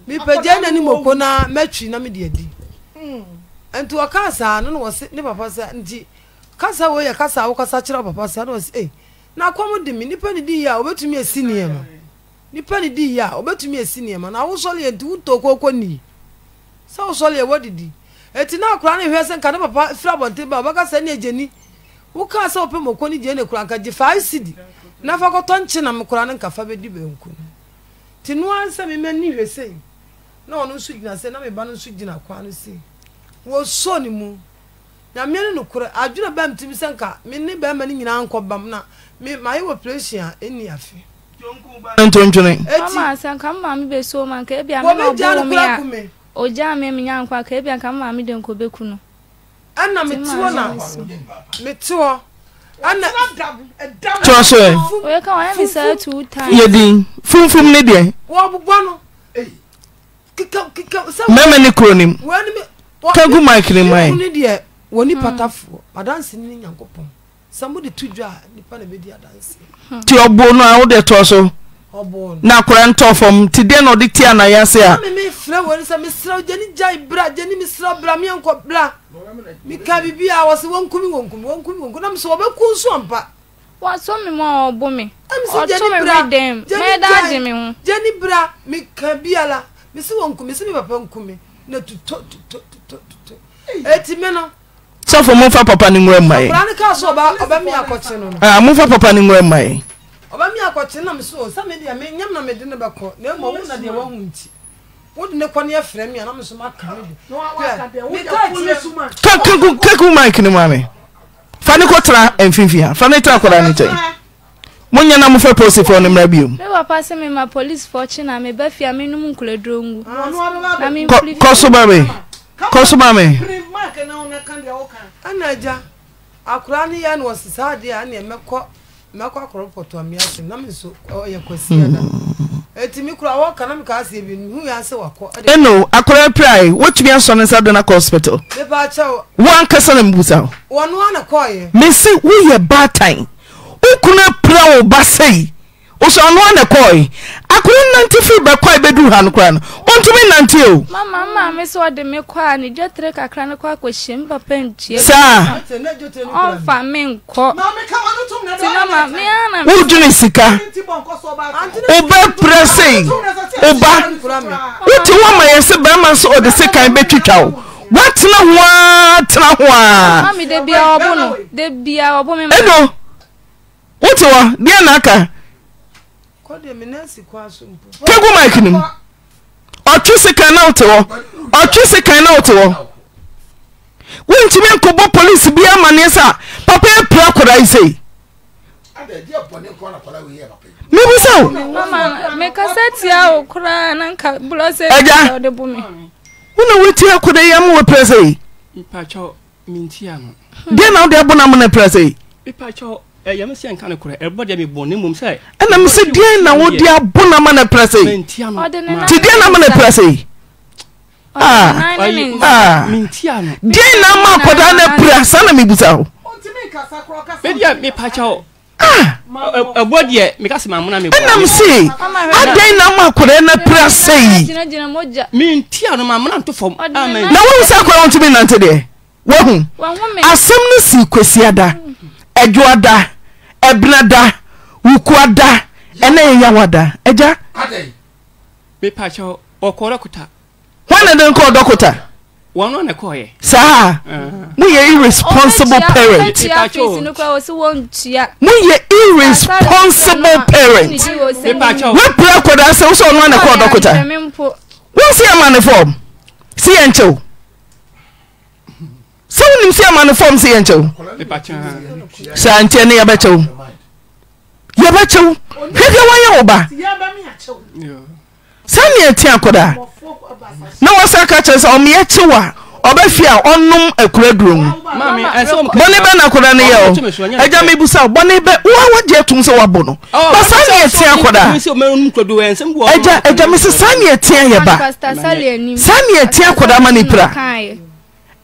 n'anim oko na matwi na mede adi nti ɔkaa saa no na wɔse ne papa sɛ nti kasa wɔyɛ kasa kyerɛ papa na di a nneɛma nipa di a nneɛma na wosɔre yɛ nti wotɔ kooko nii sɛ yɛ eti na akora ne hwɛ sɛ nka na papa firi abɔnten ba ɔbɛka sɛ ne agyani wokaa sɛ wopɛ ma ɔkɔ ne gye ne kora nka gye faa sidi na fa kɔtɔ nkyenam kora no nka fa bɛdi bɛnku nti noa sɛ memani hwɛ sei na ɔno nso gyina sei na meba no nso gyina kwa no sei wɔso ne mu nyame ne nokorɛ adwene bɛm timi sɛ nka mene bɛrima no nyinaa nkọ bam na mayɛ wɔ prɛsi a ɛnni afe ntontwene ɛti wɔbɛgya no kora kome ogya me menya nkwa e e? ka ebia nka mma me de nkɔ bɛku no ɛna mete hɔ na mete hɔ ɛna kyerɛ so ɛ oyɛ ka wɔyɛ me saa two times yɛdin fumfum ne deɛ wɔbobɔ no mɛmɛ ne kuro nim kagu mike ne mae ne deɛ wɔni hmm. patafoɔ adanse ne nyankopɔn sɛ mode to dwa a nipa na bɛdi adanse nti hmm. ɔbo no a wode tɔ so na akora ntɔ fam te deɛ na ɔde ti anayɛ ase a. mi fira wɔn sɛ mi sira jɛni gya ibira jɛni mi sira bira mi yɛn kɔ bira mi ka bibi a wɔsi wɔn kumi wɔn kumi wɔn kumi wɔn kumi na mi sɛ wɔbɛ kun sɔn pa. wa sɔ mi mu a ɔbɔ mi ɔtɔ mi mi dɛm mɛ da di mi ho. jɛni bira mi ka bi a la mi si wɔn kumi si mi papa nkumi na tutɔ tutɔ tutɔ tutɔ eti eh, mi no. sɔfo mo fa papa ni nwura mma e ye. akora ni kaa so ɔbɛ mi akɔkye no. Ah, mo fa papa ni nwura mma e ye ọba mi akɔkye nam so sami deɛ mi nyam na mi de ne bɛ kɔ na emu ɔmo na deɛ wɔn ho nti wodi ne kɔ ne yɛ fira mi anam so ma ka mi do mi ka kyerɛ keku keku mic ni maame Fani ne kɔ tra mfimfin ha fa ne tra akɔda ne nkyɛn mo nyɛ na mo fɛ polisi fɛ ɔne mmerɛ bio. mi papa se mi ma polisi fɔ kyi na mi bɛ fi a mi num nkule duro ngu ah, na mi nfiri fi. kɔsu maame kɔsu maame. ana agya akura ni yɛ na ɔsi saa adeɛ a ne ɛmɛ kɔ mɛkɔ akɔrɔpɔtɔ mi ase nam nso ɔyɛ kwasi ɛna eti mi kura wɔka nam ka ase ebi nuhu yɛ ase wakɔ. ɛnu akɔrɔ pira yi wotumi asɔ ne nsa do na kɔ hospital. bɛbɛ akyɛw. wɔn ankasa na mbusa. wɔn nua na kɔɔ yɛ. mesi woyɛ baatan okunu apira wo ba wosɛ ɔno ana kɔe akoro nante firi bɛkɔe bɛduru ha no koraa no ɔntumi nante o mama maa oh, me sɛ ɔde me kɔ a ne dwotere kakra no kɔ akɔhyia m papa ntie saa ɔmfa me nkɔ wodwene sika wobɛprɛ sei woba wote wo ama yɛ sɛ bɛrima nso ɔde sekan bɛtwitwa wo woatena ho a tena ho a ɛno wote wɔ deɛ na aka kagomakenim ɔtwe sekant tw se ka na oteho wontiminkobo police bia mane sea papaya pra kodai se mebiseawnwtia koda me pra senwe nmnprase Eh, ɛnam sɛ dean nawode abo nama na pra sɛiti deɛ nama no pra sɛi deanama akɔdaa no apra saa na mebuta hoɛnam ah. se adan nama kɔrɛ na pra sɛ imna wohu sa kora wontu minante deɛ wahu asɛm no sii kwasi da awuada mm. ebina da wukua da ɛna yɛ yawa da ɛgya. mepa kyɛ ɔkɔ dɔkota. wɔn na ne nkɔ dɔkota. wɔn na kɔ yɛ. saa mo yɛ irresponsible parent. mo yɛ irresponsible parent. wepere akɔda sɛ wosɛ ɔno na kɔ dɔkota. wɔn si yɛ ma ne fɔm si yɛ nkyɛw. sɛ wonim sɛ amano fom sɛ yɛnkyɛ wo sɛntiɛ n yɛbɛkyɛwo yɛbɛkyɛw hwɛkɛ wyɛ wo basanea kan wsa ka kɛɛɔmɛkyewaɔbɛfi a ɔnom akradurmubɔne bɛna ka ny yams gyesɛ nsane aamessaaneeayɛaneekma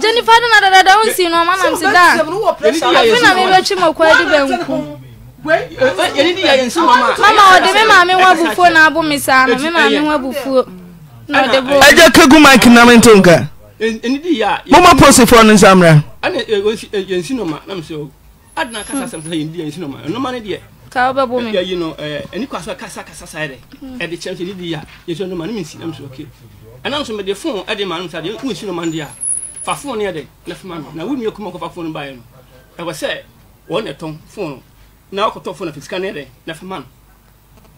jennifer no na dadada wo nsi no ɔma nam se da afe na mebɛtwi mɔkɔ adi bɛnku mama ɔde eh, eh, me maame ho abufuo na abo me saa eh, no me maame ho abufuo na ɔde bo agya ka gu mike nam nto nka moma posifoɔ no nsa mmra ka wobɛbo me ɛni kɔ asɔ kasa kasa saa yɛrɛ ɛde ya yɛn sɛ ɔnoma ne mi nsi nam sɛ ɔke ɛnam sɛ mɛ de fon ɛde maa nom sa de n si noma a fa fone no yɛ dɛ na fama no na wo nua kuma kɔfa fone no baeɛ no ɛwɔ sɛ wɔn na ɛtɔn fone no na wɔkɔtɔ fone no fisika no yɛ dɛ na fama no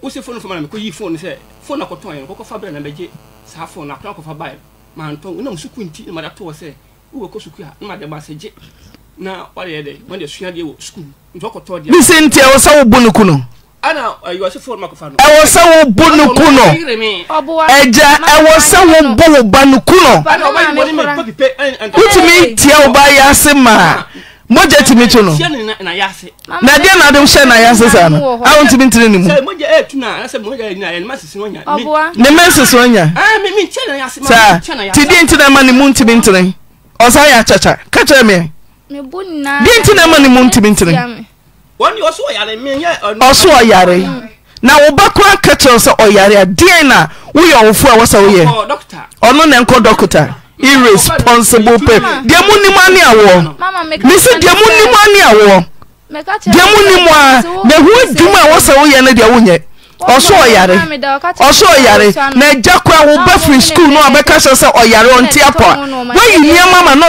wosi fone no fama na mekɔyi fone no sɛ fone no akɔtɔn yɛ no kɔkɔfa berɛ na bɛgye saa fone no akora kɔfa baeɛ ma ntɔn wonam suku nti na mada toɔ sɛ wowɔ kɔ suku a na mada ma sɛ gye na wɔde yɛ dɛ wɔde asua deɛ wɔ sukuu nti wɔkɔtɔ deɛ. bisi ntiɛ wɔ sɛ wo bu no ku ana ayiwa se fɔlɔ ma ko fanu. ɛwɔ sɛ wo bo ne kun nɔ ɛja ɛwɔ sɛ wo bo wo ba ne kun nɔ wotumi tia o ba yaase ma mɔgya tumi tu no na deɛ na adew hyɛ na yaase saa no awo ntumi ntiri ne mu ne mɛ nsoso anya saa ti deɛ ntina ma ne mu ntumi ntiri ɔsan yɛ akyakya kakyɛ mi deɛ ntina ma ne mu ntumi ntiri. ɔso ɔyare na wobɛkora sɛ ɔyare a deɛn na woyɛ ɔwofoɔ a wɔ woyɛ ɔno ne nkɔ dɔkota irresponsible pa deɛ monim ane awoɔ me sɛ deɛ ane awoɔ deɛ a na ɛho adwuma a woyɛ no deɛ wonyɛ ɔso ɔyare na koraa firi no sɛ ɔyare ɔnte apɔ a woayi nneɛma ma na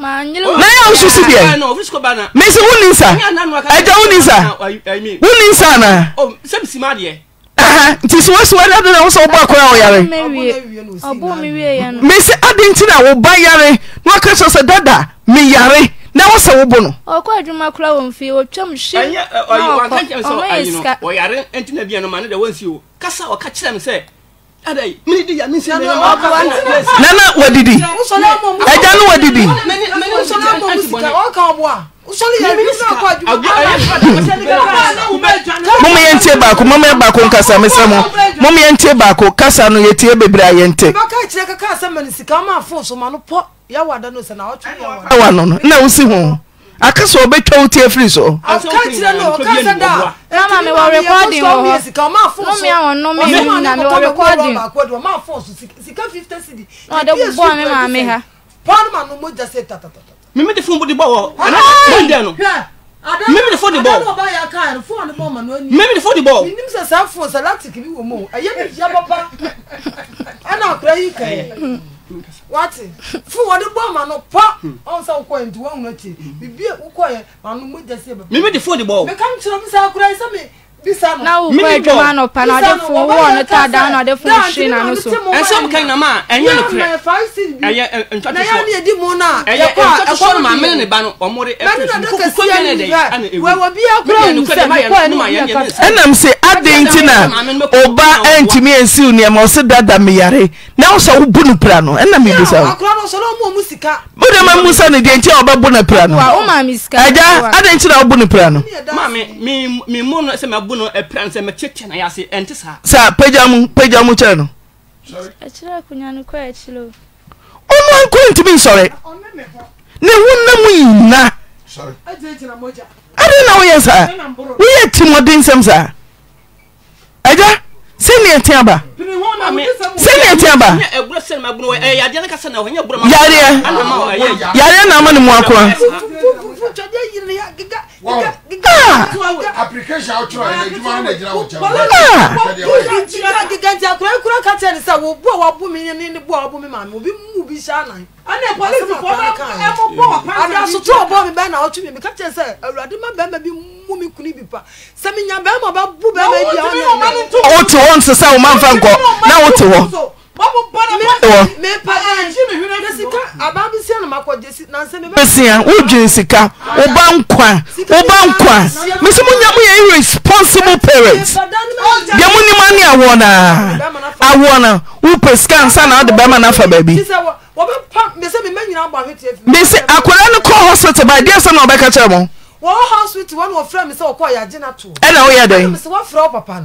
Oh. na yà wusu oh, si diẹ mesi wuni nsa ẹja wuni nsa wuni nsa na. nti suwasuwa ni adi na wosan ọba akora ọyare mesi adi nti na ọba yare na ọka kyerɛ sɛ dada mi yare na wosan ọbọ no. ọkọ adwuma kura wọn fi otwam si na ọkọ ọmọ yẹ sika. ọyare ntina bi ẹnu ma ne de wọn si o kasa ọka kyerɛ mi sɛ nana wadidi ẹja ni wa wadidi. mumu yɛn tie baako mumu yɛn baako nkasa mesra mu mumu yɛn tie baako kasa no yɛ tie bebree a yɛn te. baka kyerɛ kaka asɛm ma ne sika ɔma afo so ma no pɔ yawa da no sɛ na ɔtwe yawa. yawa no na o si aka sọ ọbẹtwa wo tie firi so. ọka kyerɛ no ọka sɛ da mama mi wɔ recording wɔ hɔ nomi awon nomi emu na mi wɔ recording ɔde bɔ mi maa mi ha. mímí de fún bó di bọ wọ ẹnna wọn dẹ no mímí de fún di bọ mímí de fún di bọ. mímí sẹ sẹ fún sẹ láti kìbi wò mu ẹ yẹ mi yá bọ pa ẹ náà kúrẹ́ yìí kẹ́ yẹ wati fún wọn ní bọ́ọ̀ màánu pọ́ ọ̀hún sá wọkọ̀ yẹn tí wọ́n hùn ẹ̀ tì bíbí wọkọ̀ yẹn màánu mú jẹ́ sí ẹ̀ bẹ́ẹ̀. mímí di fóònù bọ̀ o. mi kàn ń tura mi sá kura sẹ́mi na wo kɔ adwuma no pa na ɔde fo wo ɔno taa da na ɔde fo nhwi na no so. ɛsɛm kan na ma ɛnyɛ no korɛ ɛyɛ ntwatosoɔ na yɛn yɛ di mu na ɛyɛ ntwatosoɔ no maame ne ne ba no ɔmo de ɛfiri so koko koko yɛn ne dɛ ɛna ewu wɔ bi akora wu sɛ koko ɛni yɛ kasa. ɛnam sɛ adan ti na ɔba ɛntumi esiw nneɛma ɔsi dada mi yare na ɔsɔ wo bu no pira no ɛnam ibi sa o. o de ma musa ne deɛ nti a ɔbɛ bu ne pira no. ɛgya adan ti na ɔbu ne pira no. maame mi mi mu no sɛ ma bu no ɛpɛ nsɛ mɛkyekyɛ na yɛase ɛnte saa sɛ pagya mu pagya mu kyɛɛ no ɛkyerɛ akonnwa no kɔ akyire ɔno ankɔ ntumi nsɔre ne wonam nyina ade na woyɛ saa woyɛ timɔden nsɛm saa agya sɛneɛ te aba sɛnea ti aba yareɛ yareɛ na ama ne mu akora ah! ah! adasotɔ eh. ɔbɔ mi bɛɛ na ɔtwi ma bɛrima bi mu mi na wote hɔ mesia wodwene sika woba nkwa woba nkwa mesɛ monya moyɛ irresponsible parent deɛ monim ane awoɔ noa awoɔ no wopɛ sika ansa na wode bɛma no afa baabi mesɛ akwara no kɔ hospital ba deɛ sɛ na wɔbɛka kyerɛ mo ɛna woyɛ dɛn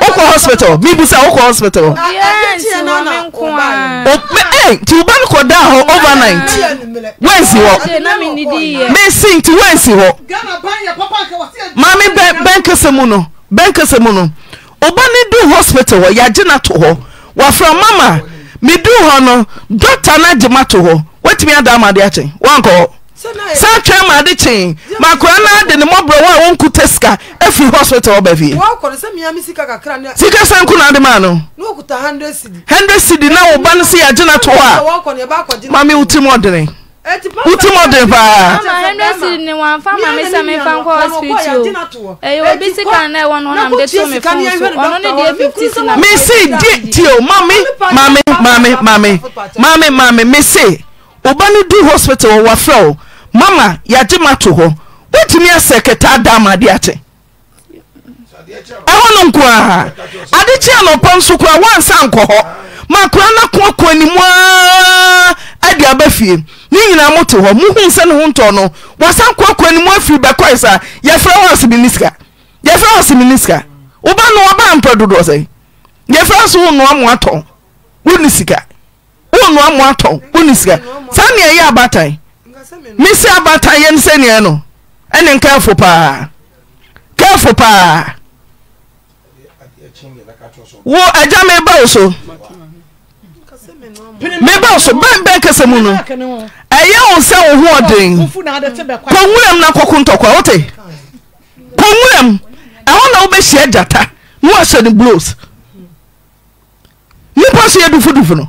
wokɔ hospital mebu sɛ wokɔ hospital nti woba no kɔda hɔ overnight wansi hɔ mesi nti wansi hɔ maame bɛnkɛsɛ mu no bɛnkɛsɛ mu O. ɔba ne du hospital hɔ yɛagye no to hɔ wafra mama medu hɔ no dɔkta no agye ma to hɔ watumi ada amade akyɛn wankɔ hɔ saa twɛn ma ade kyɛn makora na de ne mɔbrɔ wa a wɔn kuta sika efiri hospital ɔbɛ fie. wɔkɔ sɛ miami sika kakra ne. sika san kun na adi maa no. ne okuta hundred cedi. hundred cedi na wo ba ne si agyina to a maame wo ti mu ɔdene. wo ti mu ɔdene paa. mama hundred CD ni wɔn afa maame sɛ mi fa nkɔ hospital ɛyɛ obi sika na ɛwɔ no na mi de to mi fon so ɔno ne deɛ fifty si na. mi si di ti o mami mami mami mami maame maame mi si oba ni du hospital wa wafrɛ o. mama yɛgye mato hɔ wotumi asɛ ketaa da amaade akye ɛhɔ no ha ade kye na nso koraa woansa nkɔ hɔ no ade aba fie ne nyinaa hɔ sɛ ne ho ntɔ no afiri bɛkɔe sa yɛfrɛ wo asemene sika yɛfrɛ wo asemene sika woba no wabaa mpɛ dodoɔ sɛ yɛfrɛ so wonoa mo atɔn wone sika wonoa mo sika saa neɛ mesi abata yɛm sɛneɛ no ɛne nkafo paa kafo paa wo agya meba wo so meba wo so bɛn bɛn kasa mu no ɛyɛ wo sɛ wo ho ɔden kɔnwuram na kɔko ntɔkwa wote kɔnwuram ɛhɔ na wobɛhyia gyata na woahyɛ no blows nipa so yɛ dufudufu no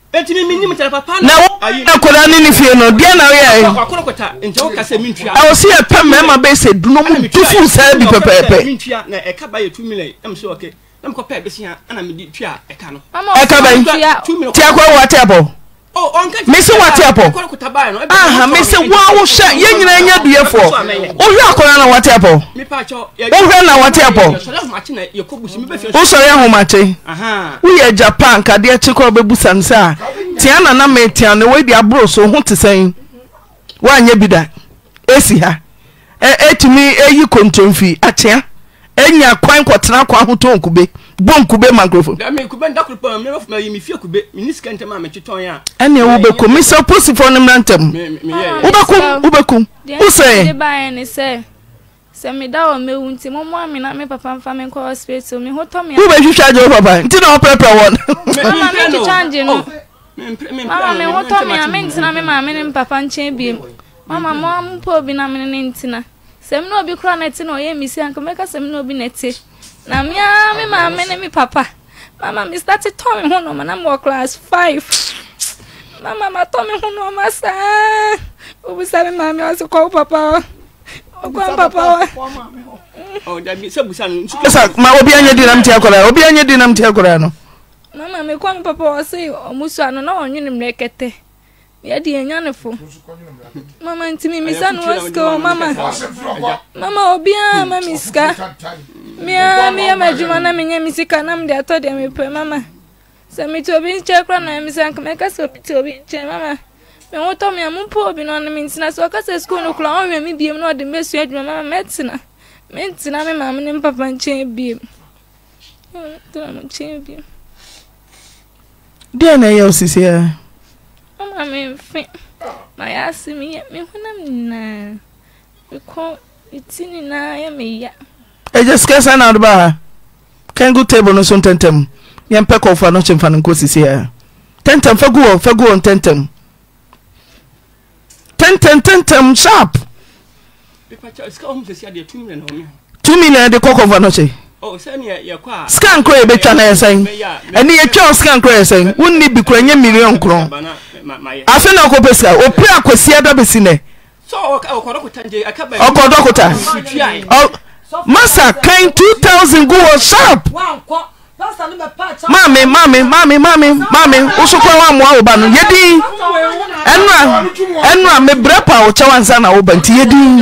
eti mi minim kyerɛ papa na akwadaa ne ne fie no deɛ na woyɛ ɛwɔ sɛ yɛpɛ mmarima bɛyɛ sɛ duno mu dufu saa bi pɛpɛɛpɛ ɛka bɛn tiakɔ wɔ atɛbɔ Oh, oh, mesi wateapɔ aha mesi wa wo hyɛ yɛn nyinaa nyɛ duefoɔ wohwɛ akɔnɔ na wateapɔ wohwɛ na wateapɔ wosɔre ahomakye woyɛ japan kadeɛ kye kora bɛbu sane sɛ a tea na na metea no woadi aboro so ho te sɛn woanyɛ bi da ɛsi ha ɛtumi e, e ɛyi e kontomfi atea ɛnya kwan kɔtena kɔ ahotɔnkube bɔ nkube ma nkurɔfo. dami nkube nda kuro pɔn mi bɛ fuma yi mi fie kube mi ni sika ntɛm a mi ti tɔn ya. ɛni ewu bɛ kun misa polisifoɔ ni mura ntɛm. wubɛ kun wubɛ kun usɛ. ne ba yɛ ni sɛ sɛmi wɔ mewu nti mo mu amina mi papa nfa mi nkɔ hospital mi ho mi. wubɛ hwehwɛ adi o papa nti na ɔpɛpɛ wɔn. mama mi twitwa ngye no oh, mama mi ho mi a mi ntina mi maame ne mi papa nkyɛn biem mama mo amu po obi na mi ne ntina sɛmi na obi kura na ti na ɔyɛ misi anka mɛka sɛmi obi na ti na me a me maame ne me papa mama me started tɔ me ho nɔɔma na mewɔ class five mama matɔ me ho nɔɔma saa wobusa me maame ɔse kɔ wo papa ɔkwan papa wa oh, sɛ ma obia nyɛ di nam tia kɔraa obia nyɛ di nam tia kɔraa no mama me kɔ me papa wɔ se ɔmusua oh, no na ɔnwene mmerɛ kɛtɛ yɛde yɛnya nyane fo mama ntimi misa no wɔ sika o mama mama Obi obiaa ma me sika mia mia madwuma na menya me sika na mede atɔ deɛ mepɛ mama sɛ mete obi nkyɛ kora na mesa nka mɛka sɛ mete obi nkyɛ mama meho tɔ me a mompɛ obi no ɔno mentena sɛ ɔka sɛ sukuu no kora ɔnwɛ me biam na ɔde mɛsua adwuma mama mɛtena mentena me maame ne mpapa nkyɛn biam deɛ na ɛyɛ wo sisiɛ mama memfe mayɛ ase meyɛ meho nyinaa mekɔ meti nyinaa yɛ meya ɛgye sikɛ sɛ na adebaa kangu table no so ntɛntɛm yɛmpɛ kɔfo ano kyemfa no nkɔ sisi a tɛntɛm fa gu hɔ fa gu hɔ ntɛntɛm tɛntɛm tɛntɛm sharp two million de kɔ kɔfo ano kyɛ sika nkorɔ twa na yɛ sɛn ɛne yɛtwa wo sika nkorɔ yɛ sɛn wonni bi kora nyɛ million korɔ afei na ɔkɔpɛ sika ɔpere akwasia da bɛsi nɛ ɔkɔdɔkota masa came two thousand Go shop. maame maame maame maame maame wosokora wa amoa wo ba no yɛ din ɛnora ɛnora mebrɛ pa wo kyɛ wansa na wo ba nti yɛ din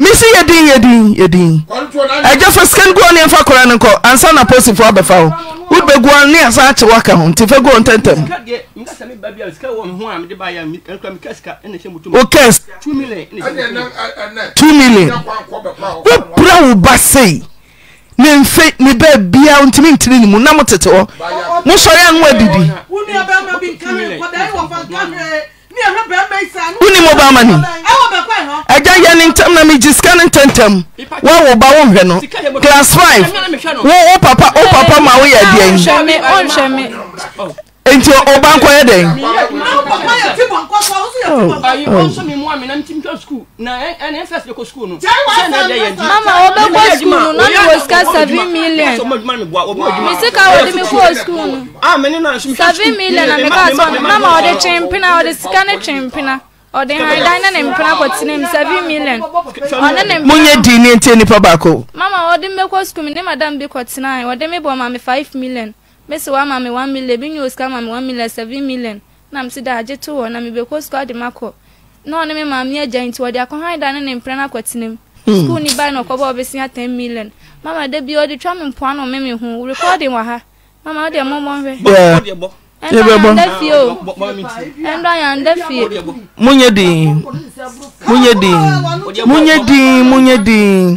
mesi yɛ din yɛ din yɛ din sikɛn ne ne nkɔ ansa na posifo abɛfa wo wobɛgu a ne asa akye waka ho nti fɛ guɔ 2 million wopra wo ba ne mfe ne bɛɛ biara ntumi ntiri ne mu na mo tete hɔ mo sɔre anu adidi. wuni mo bá ma ni ɛgya yɛ ne ntɛm na mi gyi sika ne ntɛntɛm wa wo ba wo nhwɛ no class five wo wo papa wo papa ma wo yɛ adiɛ yi nti ọba nkọ yẹ dẹ. ọba yẹ ti bọ nkọ sọ ọsọ yẹ ti bọ. ayi wọn sọ mi mu ami na mi ti mi kọ sukuu na ẹ ẹ fẹsẹ kọ sukuu nù. mama o bẹ kọ sukuu nù n'o wo sika seven million mi si ka o di mi kọ sukuu nù seven million na mi ka sọ nù mama ọ di chimpina ọ di sika ni chimpina ọdị ha dan na ne mpena kọtene m seven million ọne ne mpena. munye di ni nti nipa baako. mama ọdị mmekọ sukuu m ne madam bi kọtena anyị ọdị mmebọ maame five million mesi wa ma mi one million bi nyo sika ma mi one million seven million na mi si da agye to hɔ na mi bɛ kɔ sukuu adi ma kɔ na ɔne mi maame agya nti wɔde akɔhan da ne ne mpere na akɔtena mu sukuu ni ban na ɔkɔ bɔ ɔbɛsia ten million mama de bi ɔde twa mi mpoano ɔme mi ho rekɔɔdi wɔ ha mama ɔde ɛmɔ mɔ nhwɛ ɛndɔ yanda fie o ɛndɔ yanda fie. munyɛ din munyɛ din munyɛ din munyɛ din.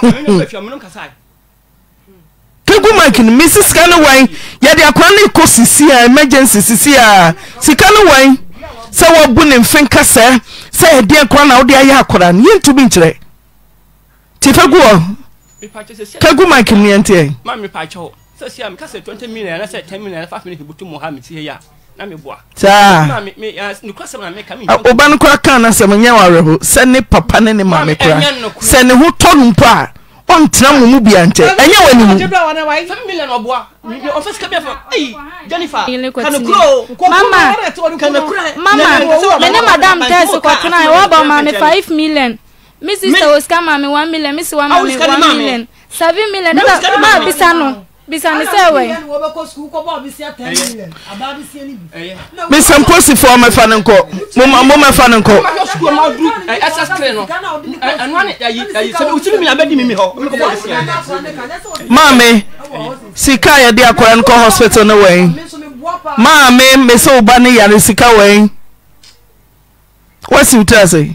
kɛgu mak no mesi sika no wai yɛde akora no ɛkɔ sesie a emergency sisia sika no wai sɛ wobu ne mfe nkasɛ sɛ ɛdeɛ kora na wode ayɛ akora no yɛntumi nkyerɛ nti fɛ gukagu maknt woba ah, no kora ka ah, no sɛm nyɛ wawerɛho sɛ ne papa ne ne maame kora sɛ ne ho tɔ no mpo a ɔntena mo mu bia nkyɛ ɛnyɛ w'animumene madam tɛs kɔtena wɔba maame 5 million me sister osika maame 1 million mesi 1 million 7 million ɛna maabisa no mesamposifoɔ mɛfa no nkɔ momɛfa no nkɔ maame sika yɛde di no kɔ hospital no wɛn maame mese wo ba ne yare sika wɛn wasiw tɛ asɛ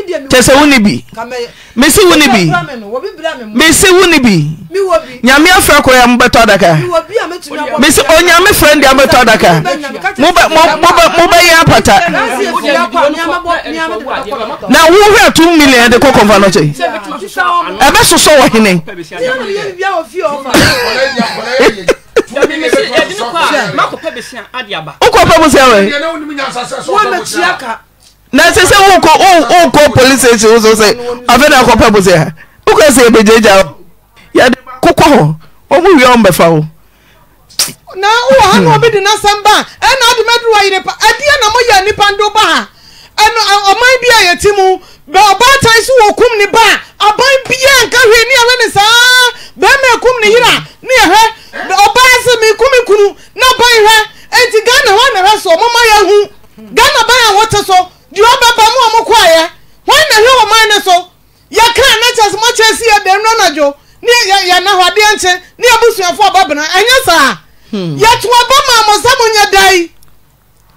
kyɛ sɛ wone bi mese wone bi mese wone bi nyame afrɛ kɔɛ mobɛtɔ daka mese onyame frɛ mobɛtɔ mobɛyɛ apata na wohwɛ 2 million de kɔ no kyɛ ɛbɛsosɔ wɔ hene na sɛ sɛ wokɔ police station e e e wo so sɛ afei na akɔpɛ bo sɛ ha wokɔ sɛ yɛbɛgyagya wo yɛde kokɔ ọmụ ɔmu wia ɔmbɛfa wo na ụwa ha na ɔbɛdi n'asɛm ba a ɛna ade mɛduru ayere pa adeɛ na moyɛ nnipa ndo ba ha ɛno ɔman bi a mụ mu ɔbaatan so wɔkum ne ba a aban biaa nka hwee ne yɛhwɛ ne saa bɛrima akum ne yera ne yɛhwɛ ɔbaa sɛ mekum kunu na ban hwɛ enti ghana hɔ na hwɛ so ya yɛahu ghana ban a wɔte so deɛ ɔbɛba mu a mo kɔ ayɛ wɔn na hwɛ wɔn man ne so yɛka ne kyɛse mo kyɛ si yɛ dɛm no anadwo ne yɛ yɛ na hɔ adeɛ nkyɛn ne yɛ busuafo ɔba bena ɛnyɛ saa hmm. yɛto aba ma amosa mo nyɛ dan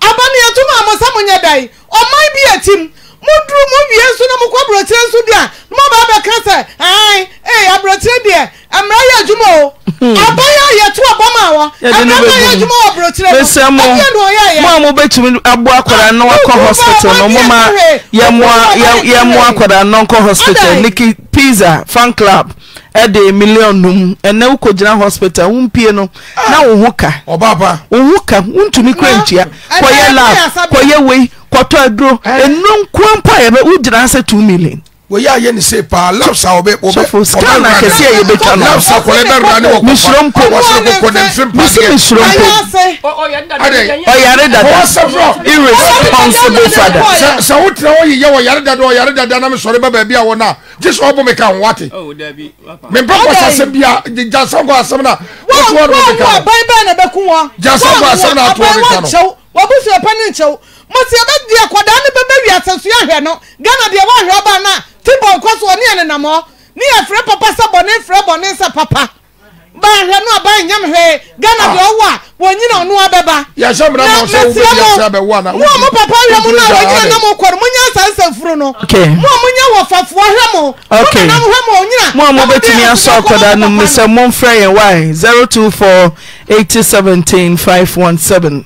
aba ne yɛto ma amosa mo nyɛ dan ɔman bi yɛ tim mo duru mo wie nso na mo kɔ aburokyerɛ nso do a mo ba abɛka sɛ ɛn ee aburokyerɛ eh, deɛ mmara yɛ adwuma o hmm. abayɛ yɛto abam awɔ mmara yɛ adwuma wɔ aburokyerɛ no ɛsɛ mo mo a mo bɛtumi abo akwadaa no akɔ hospital na mo ma yɛ mo yɛ mo akwadaa no nkɔ hospital niki pizza fan club ɛde e million num ɛnɛ wokɔ gyina hospital wompie no ah. na wo ho ka wo ho ka wontumi kora ntua kɔyɛ lab kɔyɛ wei kɔtɔ aduro enu nko mpo a yɛbɛ wogyina ase two million. wòye ayé ni se paa lawusa ọbẹ ọbẹ sọfọ sika na kẹsí ẹ yẹ bẹ twa náà lawusa kọlẹ bẹ rura ni wọkọ misoro mpo wọsẹ koko ne nfin pa diẹ misoro mpo ọyàrá dada irresponsible father. sawo tẹ ọ yiyẹ wọ yàrá dada ọ yàrá dada náà sọrọ bẹ bẹẹbi àwọn náà jésù ọbọ mi ka n wá ti mi n bẹ kọ sase bia jasanko asem na o tún ọdún mi ka wọn wọn wọn abayi bẹẹ na bẹ kún wọn wọn wọn abayi wọn kyẹw wọn bú fi ẹpẹ ní nkyẹw mọ̀tì ẹ̀bẹ̀ di ẹ̀kọ́dá ní bẹ́bẹ́ wíyà sẹ̀sù yà no ghana deɛ wà hẹ̀ ɔbá náà tìbọ̀ nkọ́ so ɔní ẹ̀ nenam ọ́ ní ẹ̀fẹ̀rẹ̀ papa sẹ́ bọ̀ ní ẹ̀fẹ̀rẹ̀ bọ̀ ní sẹ́ papa bá ah. a hẹ̀ náà bá a ghana deɛ ɔwọ́ a wọ́n nyina ọ̀nù abẹ́ba. yàtọ̀ mìíràn náà sọ mu papa hẹ̀ mu náà wọ́n nyina mu kọ̀rọ̀ mu nyẹ sẹ́nsẹ̀ furu no. mu ọmọ nyẹ wọ fàfọ́ hẹ̀ mu. ok mu ọmọ bẹ tún yà sọ akọ̀dà nù mísẹ̀ mú fẹ́ yẹn wáyé zero two four eighty seventeen five one seven.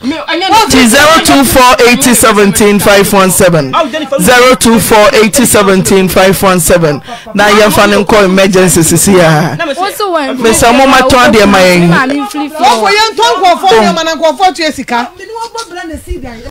ti zero two four eighty seventeen five one seven zero two four eighty seventeen five one seven na yẹn fa ni nkọ emergency sisi ya mesa mo ma tọ́ adiẹ ma yẹn. wọ́n fọ yẹn tó nkọ̀ọ̀fọ́ yẹn ma na nkọ̀ọ̀fọ́ tó yẹ sika.